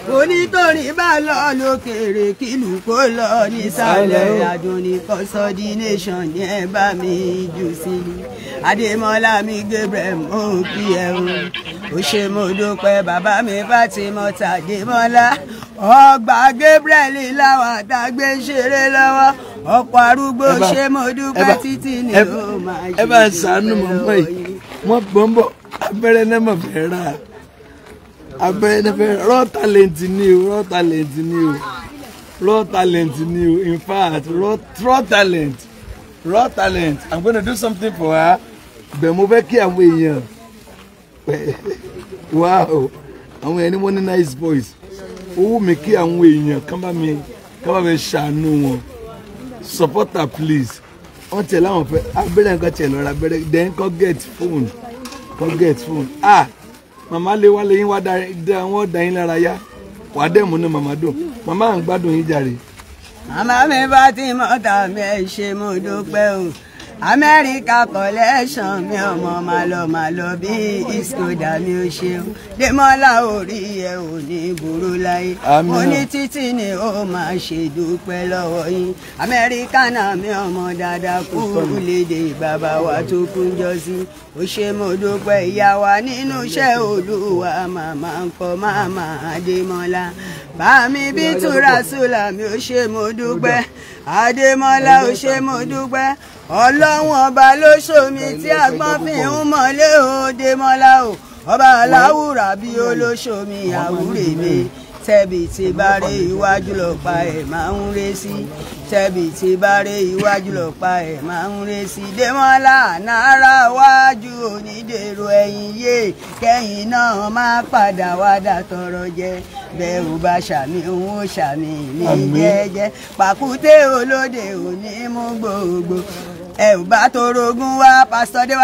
mo nítorí bá lọ lókèrè kílù kó lọ nísàlẹ̀ àdúní consolidation ní ẹ bá mi jù sí adémọlá mi Gabriel mo kí ẹ o ó ṣe mo dúpẹ́ bàbá mi Fatima Tàdémọ́lá ọgbà Gabriel láwọn àtàgbé ṣeré lọ́wọ́ ọ̀pọ̀ arúgbó ṣe mo dúpẹ́ títí ni ó máa ṣe ìṣòro yìí. ẹ mọ́mọ́ yìí
wọ́n bọ́ńbọ́ abẹ́rẹ́ náà mọ̀ fẹ́ rà abẹ́rẹ́ náà fẹ́ raw talent ni o raw talent ni o raw talent ni o in fact raw, raw talent raw talent I'm gonna do something for her bẹ̀ fẹ́ kí àwọn èèyàn. wow àwọn ẹni wọ́n ní nice boys ó wù mí kí àwọn èèyàn kán bá mi kán bá mi ṣàánú wọn supporter please wọ́n tẹ̀ láwọn fẹ́ abẹ́rẹ́ nǹkan tẹ̀ lọ́ra abẹ́rẹ́ then kọ́ get phone kọ́ get phone ah màmá lé wálé yín wá dá wọn dá yín lára yá wà á dẹ̀mú ní màmá dùn màmá à ń gbádùn yín jàre. màmá mi bá ti mọ́ta mi ẹ ṣe mo dúpẹ́ o.
America collection mi ọmọ màlọ́màlọ́ bí ìsọdà mi ò ṣeun Démọ́lá orí ẹ ò ní burú láyé mo ní títí ni ó máa ṣe dúpẹ́ lọ́wọ́ yín Amẹ́ríkà náà mi ọmọ dáadáa kú lédè bàbá wa tó kúnjọ sí ó ṣe mo dúpẹ́ ìyá wa nínú iṣẹ́ olúwa màmá ńkọ́ màmá adémọ́lá bàmí bí túra sùlà mi ó ṣe mo dúpẹ́ adémọ́lá ó ṣe mo dúpẹ́ ọlọ́run ọba ló ṣomi tí agbọ́n fi ń mọ́lé o adémọ́lá o ọba aláwùrà bí olóṣomi àwúrè mi tẹ́bì tí bá rí iwájú lọ pa ẹ̀ máa ń ré sí tẹ́bì tí bá rí iwájú lọ pa ẹ̀ máa ń ré sí Démọ́lá náírà wájú onídèrò ẹ̀yìn yé kẹ́yìn náà máa padà wá dà tọrọ jẹ bẹ́ẹ̀ ò bá ṣàmì òun ò ṣàmì ní jẹ́jẹ́ pàkúté olóde òní mú gbogbo ẹ ò bá torogún wá pásítọ̀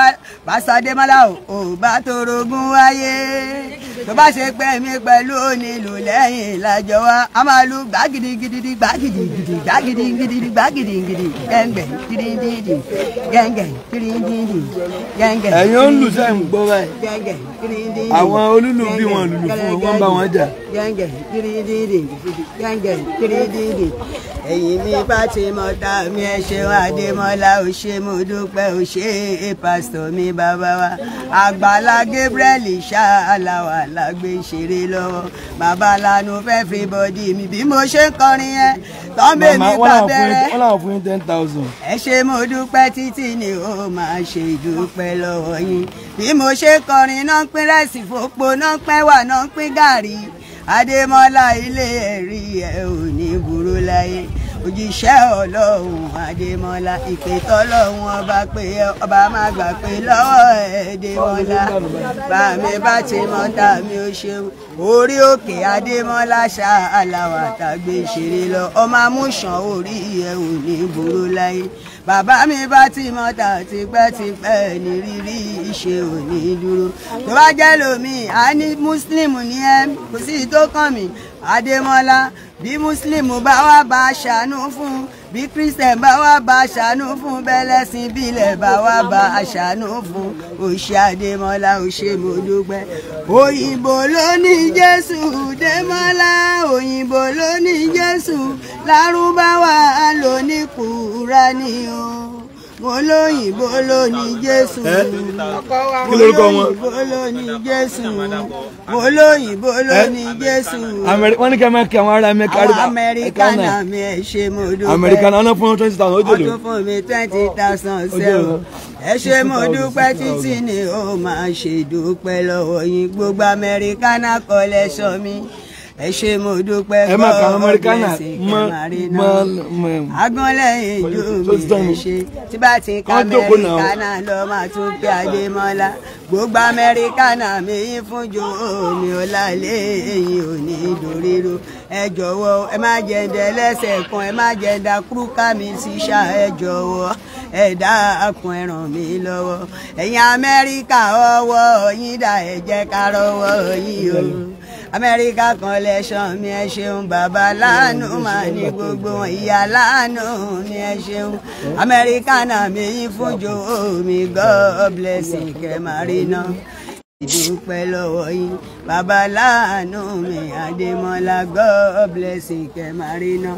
Adémọ́lá ò bá torogún wáyé tó bá ṣe pé mi pẹ̀lú onílù lẹ́yìn ìlàjọ wa a máa lu gbàgidigidi gbàgidigidi gbàgidigidi gbàgidigidi gẹ́ngẹ́ tirindidi gẹ́ngẹ́ tirindidi gẹ́ngẹ́. ẹ̀yin ó ń lù sẹ́yìn gbọ́ báyìí. gẹ́ngẹ́ tirindidi. àwọn olúlu bí wọn lùlù fún wọn bá wọn jà. gẹ́ngẹ́ tirindidi gẹ́ngẹ́ tirindidi ẹ̀yìn mi bá ti mọ tá mi ẹ ṣeun Adémọ́lá ò ṣe mo dúpẹ́ ò ṣe é pásítọ̀ mi bàbá wa Àgbàlá Gabriel ṣáàlàwà lágbé ṣeré lọ́wọ́ bàbá lanu fẹ́ fi bọ́dí mi bí mo ṣe ń kọrin yẹn tọ́mẹ̀ mi gbà
ten thousand.
ẹ ṣe mo dúpẹ́ títí ni ó máa ṣe ìdúpẹ́ lọ́wọ́ yín bí mo ṣe kọrin náà ń pín rẹ́sì fòpó náà ń pẹ́ wà náà ń pín gàrí. Ademola ilé ẹ̀rí ẹ̀ ò ní burú láyé òjíṣẹ́ ọlọ́run adémọ́lá ìpè tọ́lọ́run ọba pé ọba máa gbà pé lọ́wọ́ ẹ̀ẹ́dẹ́mọ́lá bàmí bá ti mọ tàmí ó ṣeun orí òkè adémọ́lá ṣá aláwàtà gbé ṣeré lọ ọmọ amúṣàn orí ẹ̀ ò ní burú láyé bàbá mi bá ti mọ́ta tipẹ́tipẹ́ ní rírí ìṣe òní dúró tó bá jẹ́ lómi àní muslim ni ẹ kò sí tó kàn mí adémọ́lá bí muslim bá wà bá ṣàánú fún bí christian bá wà bá ṣàánú fún bẹ́lẹ́sìn bílẹ̀ bá wà bá ṣàánú fún òṣì adémọ́lá òṣè mo dúpẹ́ òyìnbó ló ní jésù démọ́lá òyìnbó ló ní jésù lárúbáwá ló ní kúránì o olóyìnbó ló ní jésù olóyìnbó ló ní jésù olóyìnbó ló ní jésù.
wọ́n ní kí a máa kí àwọn ará amẹ́ríkà àwọn amẹ́ríkà náà
amẹ́ríkà náà fún
mi twenty thousand ó jèlò
fún mi twenty thousand sẹ́wọ̀n ẹ ṣe mo dúpẹ́ títí ni ó máa ṣe dúpẹ́ lọ́wọ́ yín gbogbo amẹ́ríkà náà collection mi ẹ ṣe mo dúpẹ́ gbọ́ ọ̀gbẹ́sì kẹmàrínà agbọ́nlẹ́yìn ìjó mi ẹ ṣe tí bá ti ka amẹ́ríkánà lọ máa tún pé adémọ́lá gbogbo amẹ́ríkánà mi fún jo mi ò lálẹ́ èyí ò ní dòríro ẹ jọ̀wọ́ ẹ má jẹ ǹdẹ lẹ́sẹ̀ kan ẹ má jẹ kúrúkà mi sí ṣá ẹ jọ̀wọ́ ẹ dákun ẹ ràn mí lọ́wọ́ ẹ̀yin amẹ́ríkà ọwọ́ yín dà ẹ jẹ́ ká rọ́wọ́ yín o amẹ́ríkà kan lẹ́sàn mi ẹ ṣeun bàbá láàánú mà ní gbogbo ìyá láàánú mi ẹ ṣeun amẹ́ríkà náà mi yín fún jòhó mi God bless you kẹ́ máa rí náà ìdúpẹ́ lọ́wọ́ yín babaláàánú mi adémọ́lá god blessing kẹmarínà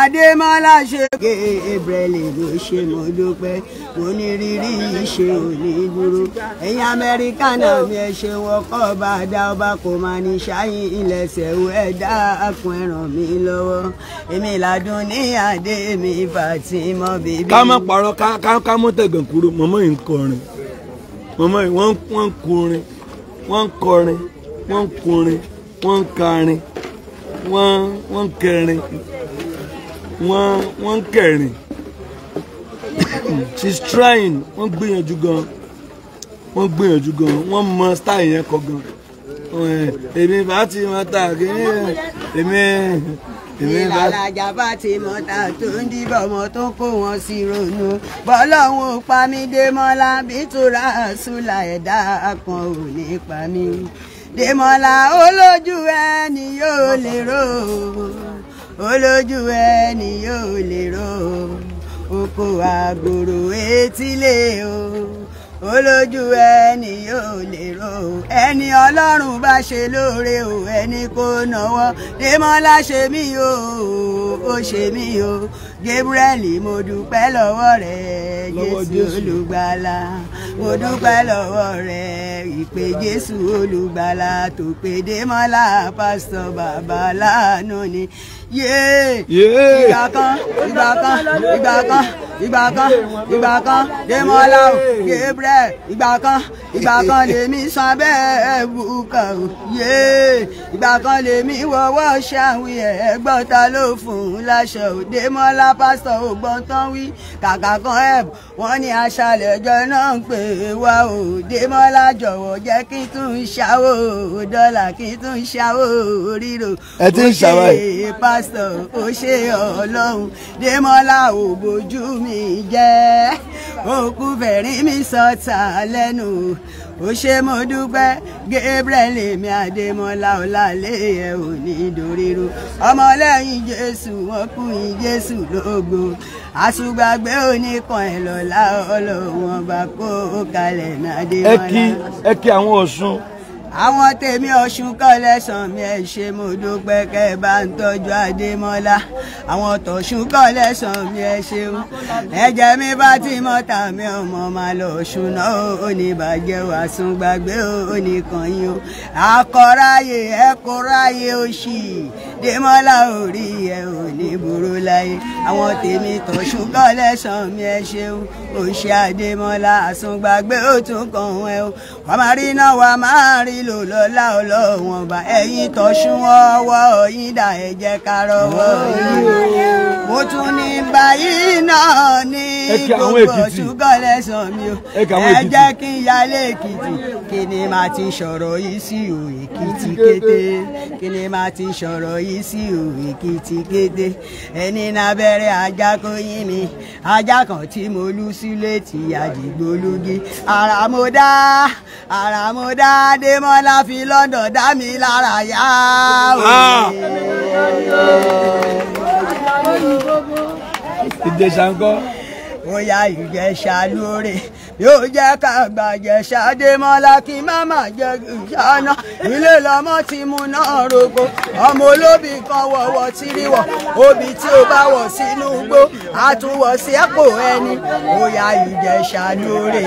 adémọ́lá ṣèké ebrele ló ṣe mo dúpẹ́ mo ní rírí ìṣe òní dúró ẹ̀yin amẹ́ríkánà mi ẹ ṣe wọkọ̀ bá dá ọba kò máa ní ṣáyìn ilẹ̀ṣẹ̀ wo ẹ dákun ẹ ràn mí lọ́wọ́ èmi ládùn ní adé mi Fatima bèbí. ká má
parọ́ ká mọ́ tẹ̀gàn kúrò mọ́mọ́ yìí ń kọrin mọ́mọ́ yìí wọ́n ń kọrin wọ́n ń kọrin wọ́n ń kunrin wọ́n ń karin wọ́n wọ́n ń kẹrin wọ́n ń kẹrin she's trying wọ́n gbìyànjú gan wọ́n gbìyànjú gan wọ́n mọ style yẹn kọ gan èmi bá ti máa ta kí èmi ìlàlàjà
bá ti mọ́ta tó ń dìbò ọmọ tó kó wọn sí ronú bọ́lọ́hún pamídémọ́lá bí tura àṣùlà ẹ̀dá kan ò ní pa dèmọ́lá olójú ẹni yóò lè ró olójú ẹni yóò lè ró oko àgbòrò etílé o olójú ẹni yóò lè rò ẹni ọlọ́run bá ṣe lóore o ẹni kò náwó Démọ́lá ṣe mí o ó ṣe mí o Gabriel mo dúpẹ́ lọ́wọ́ rẹ Jésù olùgbàlà mo dúpẹ́ lọ́wọ́ rẹ ìpè Jésù olùgbàlà tó pè Démọ́lá pásítọ̀ bàbá láàánú ni yéé ìgbà kan ìgbà kan ìgbà kan ìgbà kan ìgbà kan Démọ́lá o Gabriel ìgbà kan ìgbà kan lèmi san bẹ́ẹ̀ bùkà o yé ìgbà kan lèmi wọ́wọ́ ṣàwìn ẹ̀gbọ́n ta ló fún un láṣọ o Démọ́lá pásítọ̀ ògbọ́n tán wí kàkà kan ẹ̀bù wọ́n ní aṣálẹ̀ ọjọ́ náà ń pè wá o Démọ́lá jọ̀wọ́ jẹ́ kí n tún ṣàwò dọ́là kí n tún ṣàwò ríro ó ṣe pásítọ̀ ó ṣe ọlọ́run Démọ́lá ò bójú mi mi jẹ́ òkú fẹ̀rín mi sọ̀tà lẹ́nu ó ṣe mo dúpẹ́ Gabriel èmi Adémọ́lá ọ̀làlẹ́yẹ òní dòríru ọmọlẹ́yìn Jésù wọn Jésù lógo àṣùgbàgbé oníkan ẹ̀ lọ́la ọlọ́wọ́n bá kó kalẹ̀ náà mọ́lá. ẹ kí
ẹ kí àwọn Ọ̀ṣun
àwọn tèmi ọ̀ṣun kọ́lẹ́sàn mi ẹ̀ ṣe mo dúpẹ́ kẹ́ ẹ bá ń tọ́jú adémọ́lá àwọn tọ̀ṣun kọ́lẹ́sàn mi ẹ̀ ṣeun ẹ̀jẹ̀ mi bá ti mọ́ta mi ọmọ máa lọ ọ̀ṣun náà ó ní bàjẹ́ wàásùn gbàgbé ó ní kàn yín o akọ̀ráyè ẹ̀kọ́ráyè òṣì démọ́lá orí ẹ̀ ò ní burú láyé àwọn tèmi tọ̀ṣun kọ́lẹ́sàn mi ẹ̀ ṣeun òṣì adémọ́lá àsùngbàgbé ó tún kàn ẹ̀ o wàá máa rí náà wàá nílò lọ́lá ọlọ́run ọba ẹ̀yin tọ̀ṣun ọwọ́ yín dà ẹ jẹ́ mo tún ní báyìí náà ní
gbogbo ṣúgọ́
lẹ́sàn mi o ẹ jẹ́ kí n yálé èkìtì kí ni màá ti sọ̀rọ̀ yìí sí o èkìtì kété kí ni màá ti sọ̀rọ̀ yìí sí o èkìtì kété ẹni lábẹ́rẹ́ ajá kó yín mi ajá kan tí mo lù sí létí àdìgbòlugi àràmọ́dá àràmọ́dá dé mọ́ wọn la fi London dá mi lára yá o. Ah. ìjẹsà ń kọ́. ó yá ìjẹsà lóore yóò jẹ́ ká gbàjẹ́ Ṣadémọ́lá kí má má jẹ́ ìṣáná ilé lọ́mọ ti mú náà rogo ọmọ olóbì kan wọ̀wọ̀ tí rí wọ̀ obì tí ó bá wọ̀ sínú igbó àtúwọ̀ sí ẹ̀pọ̀ ẹni bóyá Ìjẹ̀ṣà lóore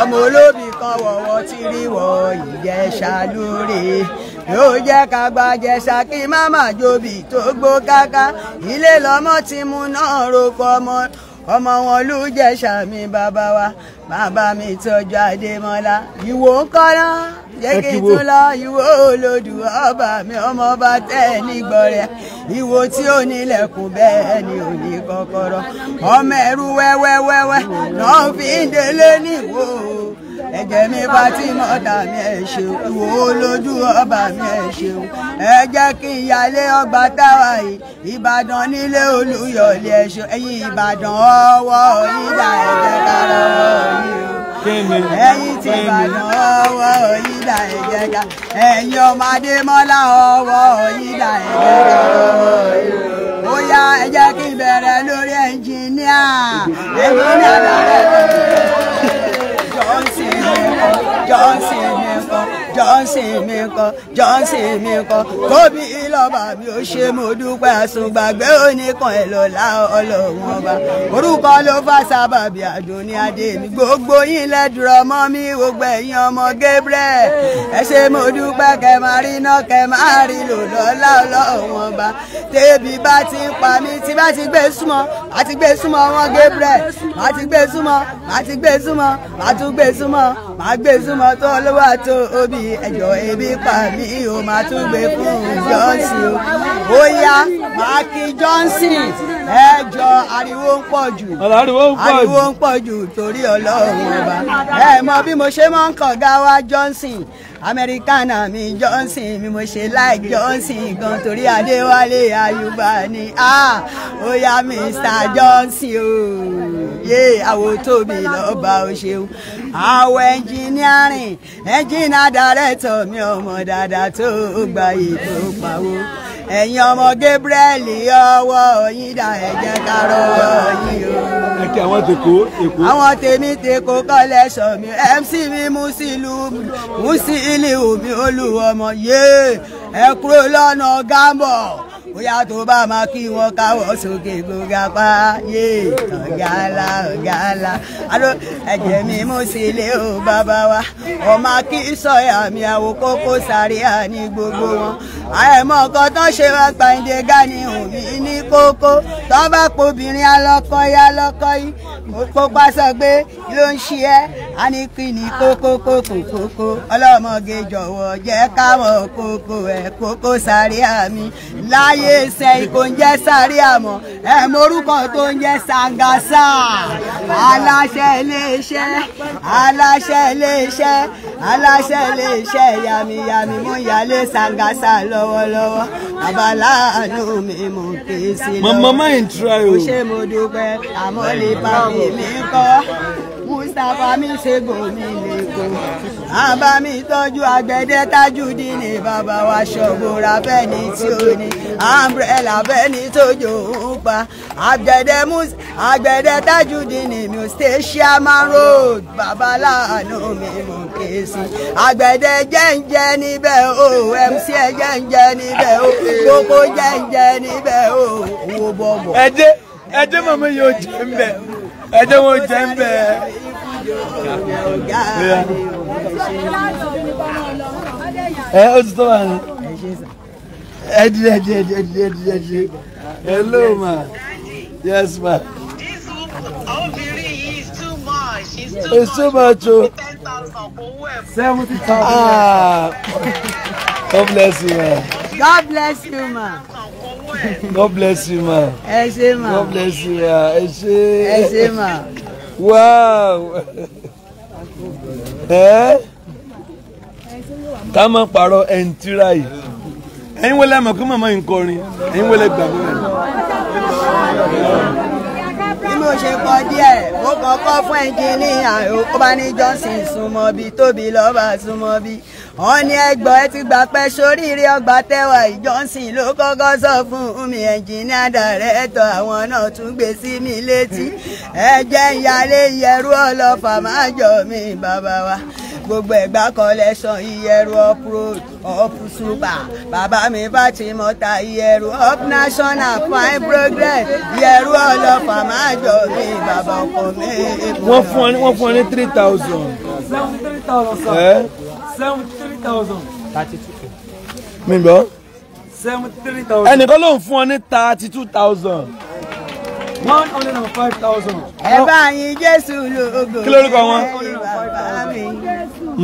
ọmọ olóbì kan wọ̀wọ̀ tí rí wọ̀ Ìjẹ̀ṣà lóore yóò jẹ́ ká gbàjẹ́ Ṣakí má má jobi tó gbó káká ilé lọ́mọ ti mú náà rogo ọmọ ọmọ wọn ló jẹ̀ṣà mi bàbá wa bàbá mi tọ́jú adémọ́lá ìwò ń kọ́ná ìwò olódù ọba mi ọmọ ọba tẹ́ ẹ ìwò tí ò nílẹ̀kùn bẹ́ẹ̀ ni ò ní kọ́kọ́rọ́ ọmọ ẹrú wẹ́wẹ́wẹ́wẹ́ náà fi ń délé níwò ẹ̀jẹ̀ mi bá tí mọ́tà mi ẹ̀ ṣeun ìwò olójú ọba mi ẹ̀ ṣeun ẹ jẹ́ kí ìyálé ọgbà táwa yìí ìbàdàn nílé olúyọ̀lé ẹ̀ ṣeun ẹ̀yin ìbàdàn ọwọ́ ìdá ẹ̀jẹ̀ kára ọ̀yẹ́ o ẹ̀yin ti ìbàdàn ọwọ́ ìdá ẹ̀jẹ̀ ká ẹ̀yin ọmọ adémọ́lá ọwọ́ ìdá ẹ̀jẹ̀ ká ọ̀yẹ́ o ó yá kí bẹ̀rẹ̀ lórí ẹnjìníà ẹnjìníà bẹ̀rẹ̀ dancing. Johnson mi kan Johnson mi kan tóbi lọ́ba mi ò ṣe mo dúpẹ́ àsùngbàgbé oníkan ẹ̀ lọ́la ọlọ́run ọba orúkọ ló fà sábàbí àdùnní adé mi gbogbo yín lẹ́dùrọ̀ mọ́ mi gbogbo ẹ̀yin ọmọ Gabriel ẹ ṣe mo dúpẹ́ kẹ máa rí iná kẹ máa rí lò lọ́la ọlọ́run ọba tẹ́bi bá ti pa mi tí bá ti gbé súnmọ́ bá ti gbé súnmọ́ wọn Gabriel bá ti gbé súnmọ́ bá ti gbé súnmọ́ bá tún gbé súnmọ́ bá gbé súnmọ́ tó olówó àti obì yìí ẹjọ́ ebi pa mí o máa tún gbé fún Johnson o ó yá máa kí Johnson ẹjọ́ ariwo ń pọ̀ jù ariwo ń pọ̀ jù torí Ọlọ́run ọba ẹ mọ bí mo ṣe máa ń kàn gá wa Johnson amẹ́ríkánà mi Johnson mi mo ṣe like Johnson gan torí Adéwálé Ayùbá ni ah, ó yá Mr Johnson o yé àwo tóbi lọ́ba o ṣeun àwọ̀ ẹnjìnírìn ẹnjìnà dàrẹ́tọ̀ mi ọmọ dáadáa tó gbàyè tó pawó ẹ̀yin ọmọ Gabriel ọwọ́ yín dà ẹ jẹ́ ká rọwọ́ yín o.
ẹ kí àwọn tèkó èkó.
àwọn tèmi tèkó kọ́lẹ́ṣọ̀ mi MC mi Musilu Musiliu mi Olúọmọ yé ẹ kúrò lọ́nà Gámbọ̀ bóyá tó bá máa kí wọn káwọ́ sókè gbogbo apá yé ọ̀gáàlà ọ̀gáàlà adó ẹ̀jẹ̀ mi mú sílé o bàbá wa ọmọ kí sọ̀yà mi àwò kókó sáré àní gbogbo wọn àìmọ̀ nǹkan tó ṣe wá gbàǹde gani òmí ní kókó tó bá pobìnrin alọ́kọ yá lọ́kọ yìí kó bá sọ pé ló ń ṣe ẹ́ a ní kí ni kókó kókó kókó ọlọ́mọge jọ̀wọ́ kókó ẹ̀ kókó sáré àmì láyé ẹsẹ̀ ìkò ń jẹ́ sáré àmọ́ ẹ morúkọ tó ń jẹ́ sangasa aláṣẹ iléeṣẹ́ aláṣẹ iléeṣẹ́ aláṣẹ iléeṣẹ́ yamiyami mo yálé sangasa lọ́wọ́lọ́wọ́ babaláàánú mi mo ké sí lọ. mama ma n mo ṣe mo dúpẹ́ àmọ́ lè bá mi kọ́. Mustapha mi ṣe gòmí lẹ́kọ̀ọ́ àbá agbẹ̀dẹ Tajudeen umbrella fẹ́ni tójò ń pa agbẹ̀dẹ agbẹ̀dẹ Tajudeen ní mi ò mi mò ń ké sí agbẹ̀dẹ jẹ́ǹjẹ́ níbẹ̀ o mc ẹ̀ jẹ́ǹjẹ́ níbẹ̀ o gbogbo jẹ́ǹjẹ́ níbẹ̀
o owó bọ̀bọ̀. ẹ jẹ́ ẹ jẹ́ màmá yóò jẹ́ ń bẹ̀ ẹ jẹ́ jẹ́ ń bẹ̀.
ẹ ó ti tọ́ wa ni
ẹ dìde ẹ dìde ẹ dìde ẹ dìde ẹ dìde hello ma yes ma. It's too much. Oh. Seventy thousand. God bless you, man.
God bless you, man.
God bless you, man. Ẹ man. God bless you, ma. Ẹ ṣé. man. Wow. Eh? ká paro parọ́ ẹ̀ ń tíra yìí. Ẹ̀yin wọlé àmọ̀ kí màmá yìí ń kọrin. Ẹ̀yin wọlé gbàgbọ́ rẹ̀.
Bí mo ṣe kọ díẹ̀, mo kàn kọ́ fún ẹnjìníà ó bá ní Johnson súnmọ́ bí tóbi lọ́ba súnmọ́ bí wọ́n ní ẹgbọ́n ẹ ti gbà pẹ́ sóríire ọgbà tẹ́wà Johnson ló kọ́kọ́ sọ fún mi ẹ̀jìnìá dàrẹ́tọ̀ àwọn náà tún gbé sí mi létí ẹ jẹ́ ìyálé ìyẹ̀rú ọlọ́fà máa jọ mi bàbá wa gbogbo ẹ̀gbá collection ìyẹ̀rú uproad up super bàbá mi bá ti mọ́ta ìyẹ̀rú up national fine progress ìyẹ̀rú ọlọ́fà máa jọ mi bàbá ọkọ mi.
wọ́n fún ọ ní three thousand. seven three thousand thousand. thirty two. mi gbọ́. seventy three thousand. ẹnìkan ló ń fún ọ ní thirty two thousand. one hundred and five thousand. ẹ bá yin jésù lógo. kí lórúkọ wọn.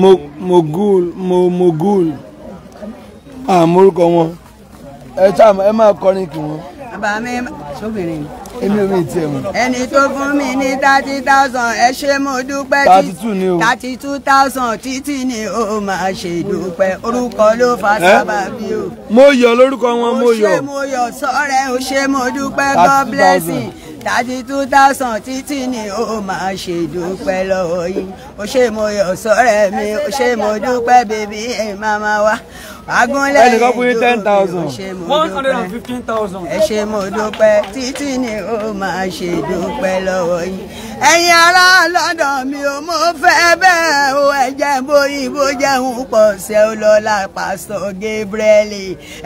mo mogul mo mogul àmórúkọ wọn ẹ máa kọrin kí wọn.
bàbá mi sóbìnrin
èmi ò mi tiẹ̀ mu.
ẹni tó fún mi ní thirty thousand ẹ ṣé mo dúpẹ́ tí thirty two ni o thirty two thousand títí ni o máa ṣe dúpẹ́ orúkọ ló fa sábàbí
o. mo yọ lórúkọ wọn mo yọ. o ṣé mo
yọ sọ́rẹ́ o ṣé mo dúpẹ́ God blessing thirty two thousand títí ni ó máa ṣe dúpẹ́ lọ́wọ́ yìí ó ṣe mo yọ̀ sọ́rẹ́ mi ó ṣe mo dúpẹ́ bèbí ẹ̀ máa máa wá agbọ́nlẹ̀ ẹnìkan fún ten thousand one hundred and fifteen thousand. ẹ ṣé mo dúpẹ́ títí ni ó máa ṣe dúpẹ́ lọ́wọ́ yín ẹ̀yin ará lọ́dọ̀ mi ò mo fẹ́ bẹ́ẹ̀ o ẹ̀jẹ̀ bóyìnbó jẹun pọ̀ ṣe ó lọ́la pásítọ̀ Gabriel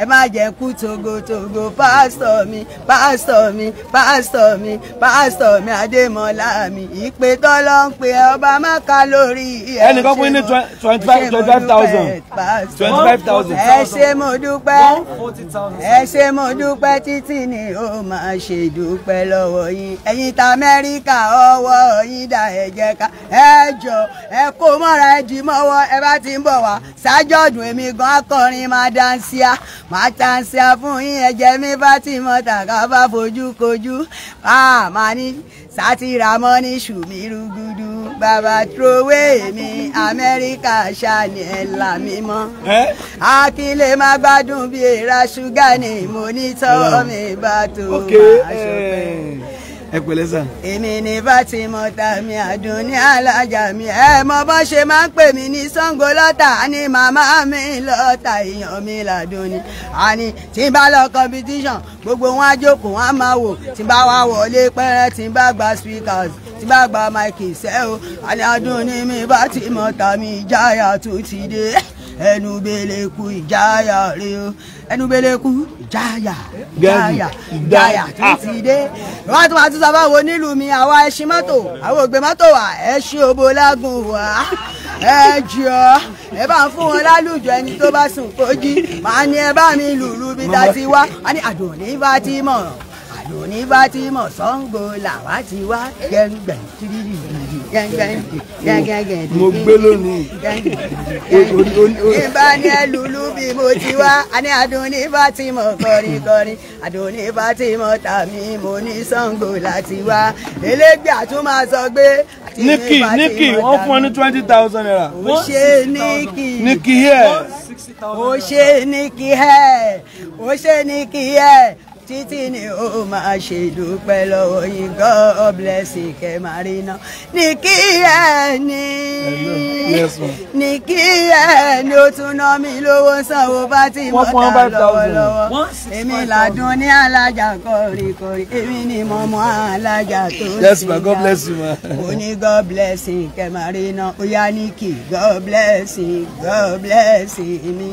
ẹ má jẹ́ kú togotogo pásítọ̀ mi pásítọ̀ mi pásítọ̀ mi pásítọ̀ mi Adémọ́lá mi ìpè tọ́lọ́ ń pe ọba má ká lórí ẹ̀
ṣe mo dúpẹ́
ẹ ṣe mo dúpẹ́ ẹ ṣe mo dúpẹ́ títí ni ó máa ṣe dúpẹ́ lọ́wọ́ yín ẹ̀yin ta Amẹ́ríkà ọ̀wọ́ ọwọ́ yín dà ẹ jẹ́ ká ẹ jọ ẹ kó mọ́ra ẹ dì mọ́wọ́ ẹ bá ti ń bọ̀ wá sájọ́dún èmi gan akọrin máa dáńsíá máa táńsíá fún yín ẹ jẹ́ mi bá ti mọ tàkà bá fojú kojú máa ní sátìrà mọ́ ní ṣùmírú gudu bàbá trowé mi amẹ́ríkà ṣàní ẹ̀ là mí mọ́ akílè má gbádùn bí èèrà ṣúgà ni mo ní tọ́ mi bá tó máa eh.
ṣọpẹ́ ẹ pẹ̀lẹ́ sà.
èmi ni Fatima tàmí Àdùnní alájà mi ẹ mọ bọ́n ṣe máa ń pè mí ní Ṣàngó lọ́tà ni màmá mi lọ́tà èèyàn mi l'Àdùnní àní tí n bá lọ competition gbogbo wọn á jókòó wọn á máa wò tí n bá wá wọlé pẹ́rẹ́ tí n bá gba speakers tí n bá gba mic ṣẹ́ o àní Àdùnní mi Fatima tàmí ìjáyà tó ti dé ẹnu beleku ìjáyà rẹ o ẹnu beleku ìjáyà ìjáyà ìjáyà tí ti dé wọn tún wá tún sábà wo nílùú mi àwa ẹṣin mọ́tò àwọn ògbé mọ́tò wà ẹṣin òbó lágùn wà ẹ ẹ bá fún wọn lálùjọ ẹni tó bá sùn kó màá ní ẹ bá mi lùlù bí ta ti wá a ní àdùnní bá ti mọ̀ àdùnní bá ti mọ̀ Ṣàngó làwa ti wá gẹ́gbẹ̀ẹ́ tìrìrì mo gbé lónìí. ìbá ní ẹlùlú bí mo ti wá a ní adùnní bá ti mọ kọrin kọrin adùnní bá ti mọ tàmí mo ní Ṣàngó láti wá elégbé àtúmọ̀ sọ gbé Nikki Nikki wọ́n fún ọ ní
twenty thousand naira. ó ṣe Nikki Nikki here.
ó ṣe Nikki here ó ṣe Nikki here títí ni ó máa ṣe dúpẹ́ lọ́wọ́ yín god bless kẹ́ máa rí iná ní kí ẹ ní ní kí ẹ ní ó tún ná mi lówó sanwó bá ti mọ́ta lọ́wọ́lọ́wọ́ èmi làdún ní alájà kọ̀ríkọ̀rí èmi ni mo mọ alájà tó ti yá mo ní god bless you, kẹ́ máa rí iná ó yá ní kí god bless god bless mi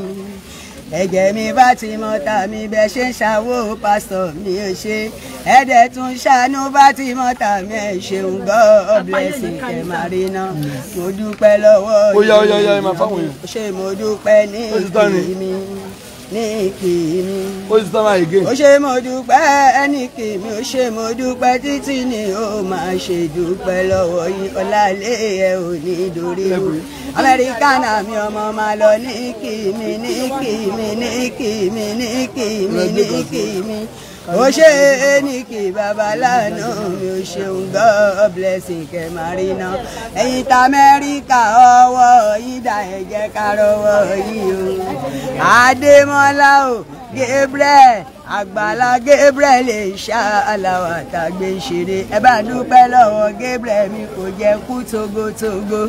ẹ̀jẹ̀ mi bá ti mọ tàmí bẹ́ẹ̀ ṣe ń ṣàwó pásítọ̀ mi ò ṣe ẹ̀dẹ̀ tún ṣàánú bá ti mọ tàmí ẹ̀ ṣeun God bless you kẹ̀ máa rí náà mo dúpẹ́ lọ́wọ́ yìí ṣe mo dúpẹ́ ní ìdí mi ní ìpè mi. ó ti tán báyìí again. ó ṣe mo dúpẹ́ ẹnì kì mí ó ṣe mo dúpẹ́ títí ni ó máa ṣe dúpẹ́ lọ́wọ́ yín ọ̀làlẹ́ ẹ̀ ò ní dorí o. amẹ́ríkánà mi ọmọ máa lọ ní kì ní kì ní kì ní kì ní kì ó ṣe ẹnìkì babaláàánú mi ò ṣeun god blessing kẹ máa rí iná ẹ̀yin ta amẹ́ríkà ọwọ́ yín dà ẹ jẹ́ yìí o adémọ́lá o gabriel àgbàlá Gabriel ṣáláwà tàgbé ṣeré ẹ bá dúpẹ́ lọ́wọ́ Gabriel mi kò jẹ́ kú togotogo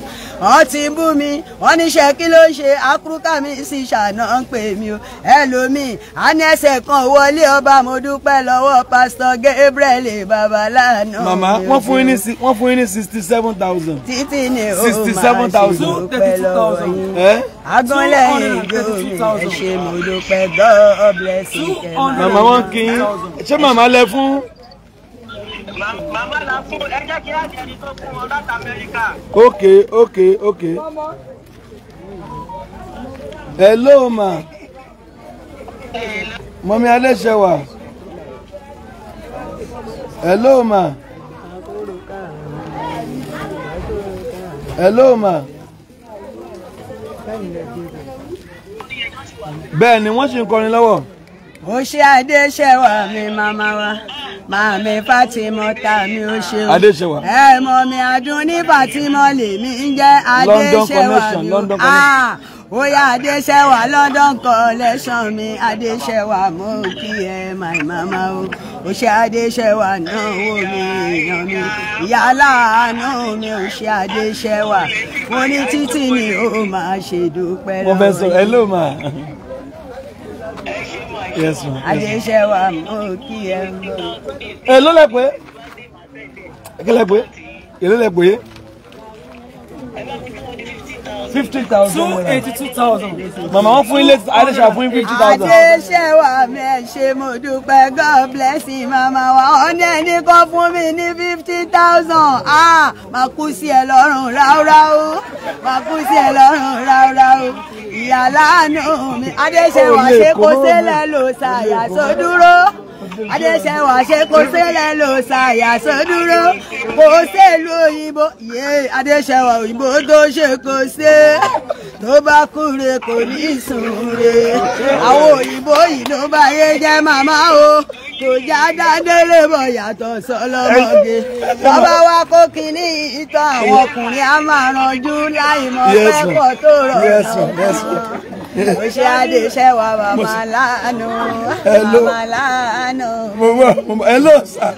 wọ́n ti bú mi wọ́n níṣẹ́ kí ló ṣe áfíríkà mi sì ṣàná ń pè mí o ẹlòmíì á ní ẹsẹ̀ kan wọlé ọba mo dúpẹ́ lọ́wọ́ pásítọ̀ Gabriel babaláàánú. màmá wọ́n fún yín ní
wọ́n fún yín ní sixty seven thousand.
títí ni ó máa ṣe dúpẹ́ lọ́wọ́ yín agánlẹ́yìn ìjọ mi ẹ ṣe mo dúpẹ́ God bless you màmá wọn kí ṣé màmá
lẹ fún. màmá la fún ẹ jẹ́ kí á jẹ́ ẹni tó fún ọ láti amẹ́ríkà. ok ok ok. hello ma. mọ̀mí aléṣẹ wà. hello ma. hello ma bẹ́ẹ̀ ni wọ́n sì ń kọrin lọ́wọ́ ó ṣe adéṣẹ́wà mi màmá
wa màá mi fátímọ́ta mi ó ṣe o adéṣẹ́wà ẹ mọ̀ mi adùn ní fátímọ́ mi ń jẹ́ adéṣẹ́wà mi ah, ó oya adéṣẹ́wà London collection mi adéṣẹ́wà mo kí ẹ my mama o ó ṣe adéṣẹ́wà náà wò mí èèyàn mi ìyá aláàánú mi ó ṣe adéṣẹ́wà mo ní títí ni ó máa ṣe dúpẹ́ lọ́wọ́ yìí. mo fẹ́ sọ ẹ ló
máa yes ma. àṣeṣe
wa mo kí ẹ
lọ. ẹ ló fifty thousand naira. two eighty two thousand. màmá wọn fún ilé adéṣà fún fifty thousand.
àdéṣẹ́wà ṣe mo dúpẹ́ god bless you màmá wa ọ̀nà ẹni kan fún mi ní fifty thousand ah màá kú sí ẹ lọ́rùn ráúráú màá kú sí ẹ lọ́rùn ráúráú ìyá láàánú mi adéṣẹ́wà ṣe kó sílẹ̀ ló ṣàyà sódúró adéṣẹ́wà ṣe kò sẹ́lẹ̀ ló ṣàyà sódúró kò sẹ́lu òyìnbó yé adéṣẹ́wà òyìnbó tó ṣe kò ṣe tó bá kúre kò ní sùnre àwọn òyìnbó yìí ló bá yé jẹ́ màmá o kò já dádélé bọ̀ yàtọ̀ sọlọ́mọge bàbá wa kó kínní ìtàn àwọn ọkùnrin á máa ranjú láì mọ pẹ́pọ̀ tó
rọrùn ó ṣe adé iṣẹ́
wa màmá láàánú màmá láàánú.
hello sir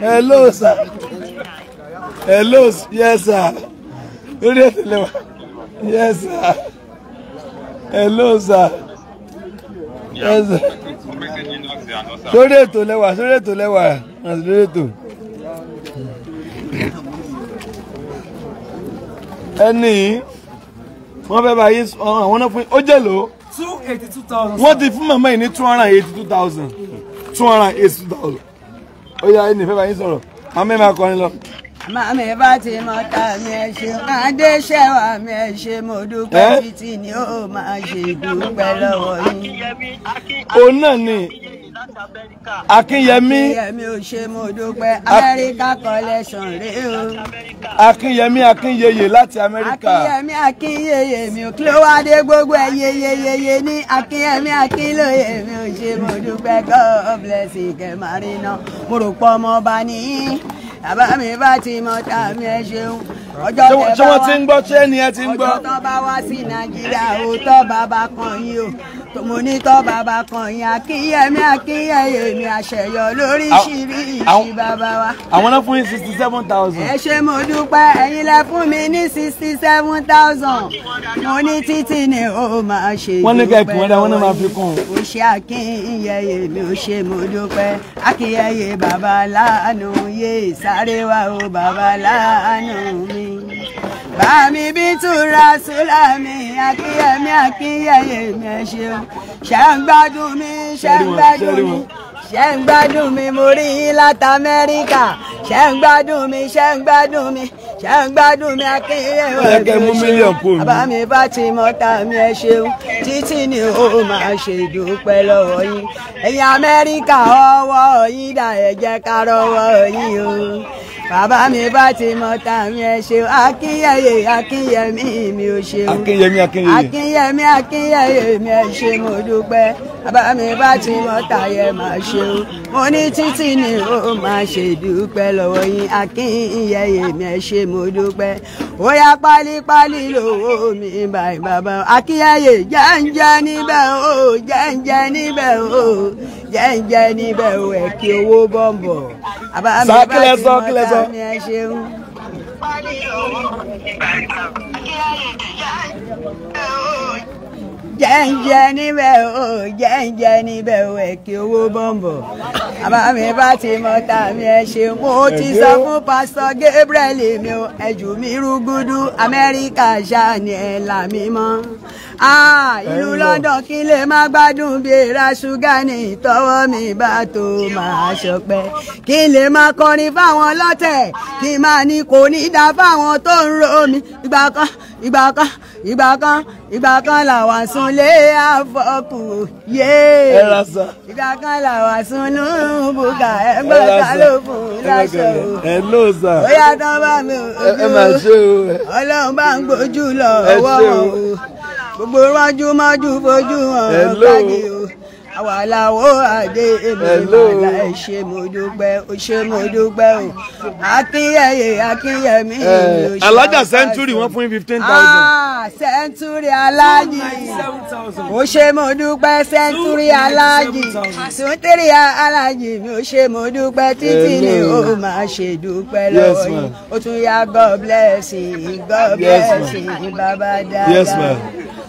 hello sir hello yes sir lórí ètò lẹ́wà yes sir hello sir yes sir lórí ètò lẹ́wà lórí ètò lẹ́wà lórí ètò. ẹni wọ́n fẹ́ bá yé àwọn náà fún ó jẹ́ lò ó. two eighty two thousand. wọ́n ti fún mama? yìí ní two hundred and eighty two thousand two hundred and eighty two thousand ó yà ẹni fẹ́ bá yín sọ̀rọ̀ àmì ẹ̀ máa kọrin lọ.
Màmí bá ti mọ ta mi ẹ ṣe máa dé ṣẹ́wà mi ẹ ṣe mo dúpẹ́ títí ni ó máa ṣe
dúpẹ́ lọ́wọ́ yín. Òun náà ni Akinyemi,
Akinyemi, ò ṣe mo dúpẹ́ amẹ́ríkà collection rè o.
Akinyemi, akínyẹyẹ láti amẹ́ríkà. Akinyemi,
akínyẹyẹ mi ò kí ló wá dé gbogbo ẹ yeyeyeye ní Akinyemi, akínyẹyẹ mi ò ṣe mo dúpẹ́ god bless you kẹ́ máa rí iná mo rò pọ́ ọmọ ọba nìyí bàbá mi bá ti mọ tá mi ẹ ṣeun
ọjọ́ tẹ bá wá ṣé ti ń gbọ́ ṣé ni ẹ ti ń gbọ́. ọjọ́ tó
bá wá sí nàìjíríà ó tọ́ bàbá kan yìí o mo ní tọ́ bàbá kan yìí akínyẹmí akínyẹyẹ mi àṣẹyọ lórí ṣírí ìṣí bàbá wa. àwọn
náà fún yín sixty seven thousand. ẹ
ṣé mo dúpẹ́ ẹ̀yin lẹ fún mi ní sixty seven thousand mo ní títí ni ó máa ṣe dúpẹ́. wọ́n ní kẹ́kẹ́ wọ́n dá wọ́n náà máa fi kún un. mo ṣe akínyẹyẹ mi ò ṣe mo dúpẹ́ akínyẹyẹ bàbá lánàá yé ìsá sáré wá o bàbá láàánú mi. Bàmí bí túra Súlámì Akínyẹmí Akínyẹyẹ mi ẹ ṣeun. Ṣé ń gbádùn mi? Ṣé ń gbádùn mi? ṣe ń gbádùn mi mo rí yín láti amẹ́ríkà ṣe ń gbádùn mi ṣe ń gbádùn mi ṣe ń gbádùn mi akínyẹ ọdún ṣe àbámi bá ti mọ́ta mi ẹ ṣeun títí ni ó máa ṣe ìdúpẹ́ lọ́wọ́ yín ẹ̀yin amẹ́ríkà ọwọ́ yín dà ẹ jẹ́ ká rọ́wọ́ yín o bàbá mi bá ti mọ́ta mi ẹ ṣeun akínyẹyẹ akínyẹmí mi ò ṣeun
akínyẹmí akínyẹyẹ
akínyẹmí akínyẹyẹ mi ẹ ṣe mo dúpẹ́ bàbá mi bá ti mọ́ta yẹ máa ṣe o mo ní títí ni ó máa ṣe dúpẹ́ lọ́wọ́ yín akínyẹyẹ mi ẹ ṣe mo dúpẹ́ ó pálípálí lówó mi báyìí bàbá akínyẹyẹ jẹ́ǹjẹ́ níbẹ̀ o jẹ́ǹjẹ́ níbẹ̀ o jẹ́ǹjẹ́ níbẹ̀ o ẹ̀ kí owó bọ̀m̀bọ̀ bàbá bá ti mọ́ta mi ẹ ṣeun. pálí lówó
mi báyìí bàbá akínyẹyẹ jẹ́ǹjẹ́ o
jẹ́ǹjẹ́ níbẹ̀ o jẹ́ǹjẹ́ níbẹ̀ o ẹ̀kí owó bọ̀m̀bọ̀ bàbá mi bá ti mọ tàmí ẹ ṣe mo ti sọ fún pásítọ̀ Gabriel mi o ẹ̀jù mi rúgúdú Amẹ́ríkà ṣáàní ẹ̀ là mí mọ́ ah, ìlú London kí lè má gbádùn bí ra ṣúgà ní ìtọ́wọ́ mi bá tó máa ṣọpẹ́ kí lè má kọrin fáwọn lọ́tẹ̀ kí má ní kò ní dá fáwọn tó ń ro mi ìgbà ìgbà kan ìgbà kan ìgbà kan làwà sunlé àfọkù yé ìgbà kan làwà sunú bùkà ẹgbẹ́ kálófù láṣọ
o ó yá
tán bá mi ojú o ọlọ́run bá ń gbójú lọ ọwọ́ wọn o gbogbo rájú májú fojú hàn kájí o àwa láwo àdé èmi màlá ẹ ṣe mo dúpẹ́ o ṣe mo dúpẹ́ o akínyẹyẹ akínyẹmí eh, ló ṣe. alájà sẹ́ńtúrì wọ́n fún
yín fifteen thousand.
sẹ́ńtúrì ah, alájì o ṣe mo dúpẹ́ sẹ́ńtúrì alájì sẹ́ńtúrì alájì mi o ṣe mo dúpẹ́ títí ni o máa ṣe dúpẹ́ lọ́wọ́ yìí o tún yá God bless you God bless you bàbá dáadáa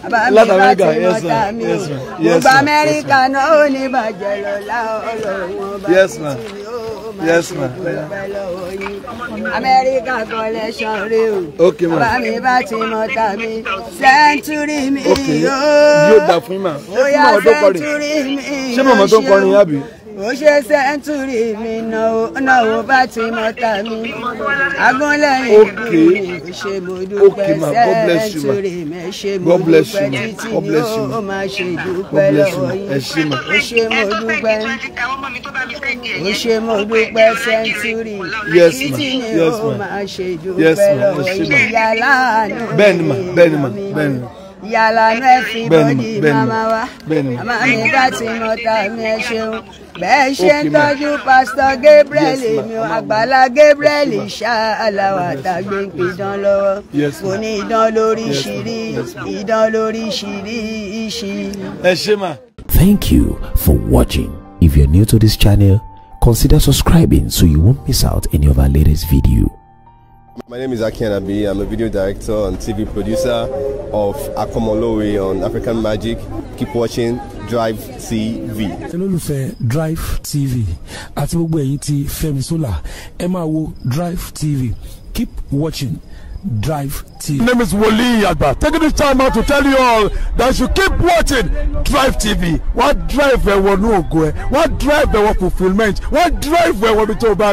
láti amẹ́ríkà yes ma yes ma yes ma gbogbo amẹ́ríkà náà ó ní bàjẹ́ lọ́la ọlọ́run ọba yes
ma yes ma
amẹ́ríkà collection rẹ o ok ma bàbá mi bá ti mọ ta mi sẹ́ńtúrì mi yóò yóò dà
fún yín ma ó yá sẹ́ńtúrì
mi yóò ṣe ṣé màmá tó ń kọrin yá bi ó ṣe sẹ́ńtúrì mi náwó bá ti mọ́ta mi agúnlẹ̀yìn mi ò ṣe mo dúpẹ́ sẹ́ńtúrì mi ṣe mo dúpẹ́ títí ni ó máa ṣe dúpẹ́ lọ́wọ́ yìí ó ṣe mo dúpẹ́ ó ṣe mo dúpẹ́ sẹ́ńtúrì
títí ni ó máa
ṣe dúpẹ́ lọ́wọ́ yìí yàrá àná
mi ọmọ mi
yàlànà ẹ̀fìn bọ́dì màmá wa màmá mi bá ti mọ mi ẹ ṣeun bẹ́ẹ̀ ṣe ń tọ́jú pásítọ̀ Gabriel mi àgbàlá Gabriel ṣá tàgbé ń pidán lọ́wọ́ kò ní idán lórí ṣìírí idán lórí ṣìírí ìṣì.
ẹ ṣe mà. Thank you for watching. If you're new to this channel, consider subscribing so you won't miss out any of our latest videos. My name is Akian Abi. I'm a video director and TV producer of Akomolowe on African Magic. Keep watching Drive TV. Hello, Drive TV àti gbogbo ẹ̀yin Fẹ́mi Sola ẹ máa Drive TV keep watching Drive TV. My name is Wole Agba taking this time out to tell you all that you keep watching Drive TV What drive ẹ̀wọ̀ ní ògo ẹ̀ What drive ẹ̀wọ̀ fulfilment What drive ẹ̀wọ̀ bí tó o bá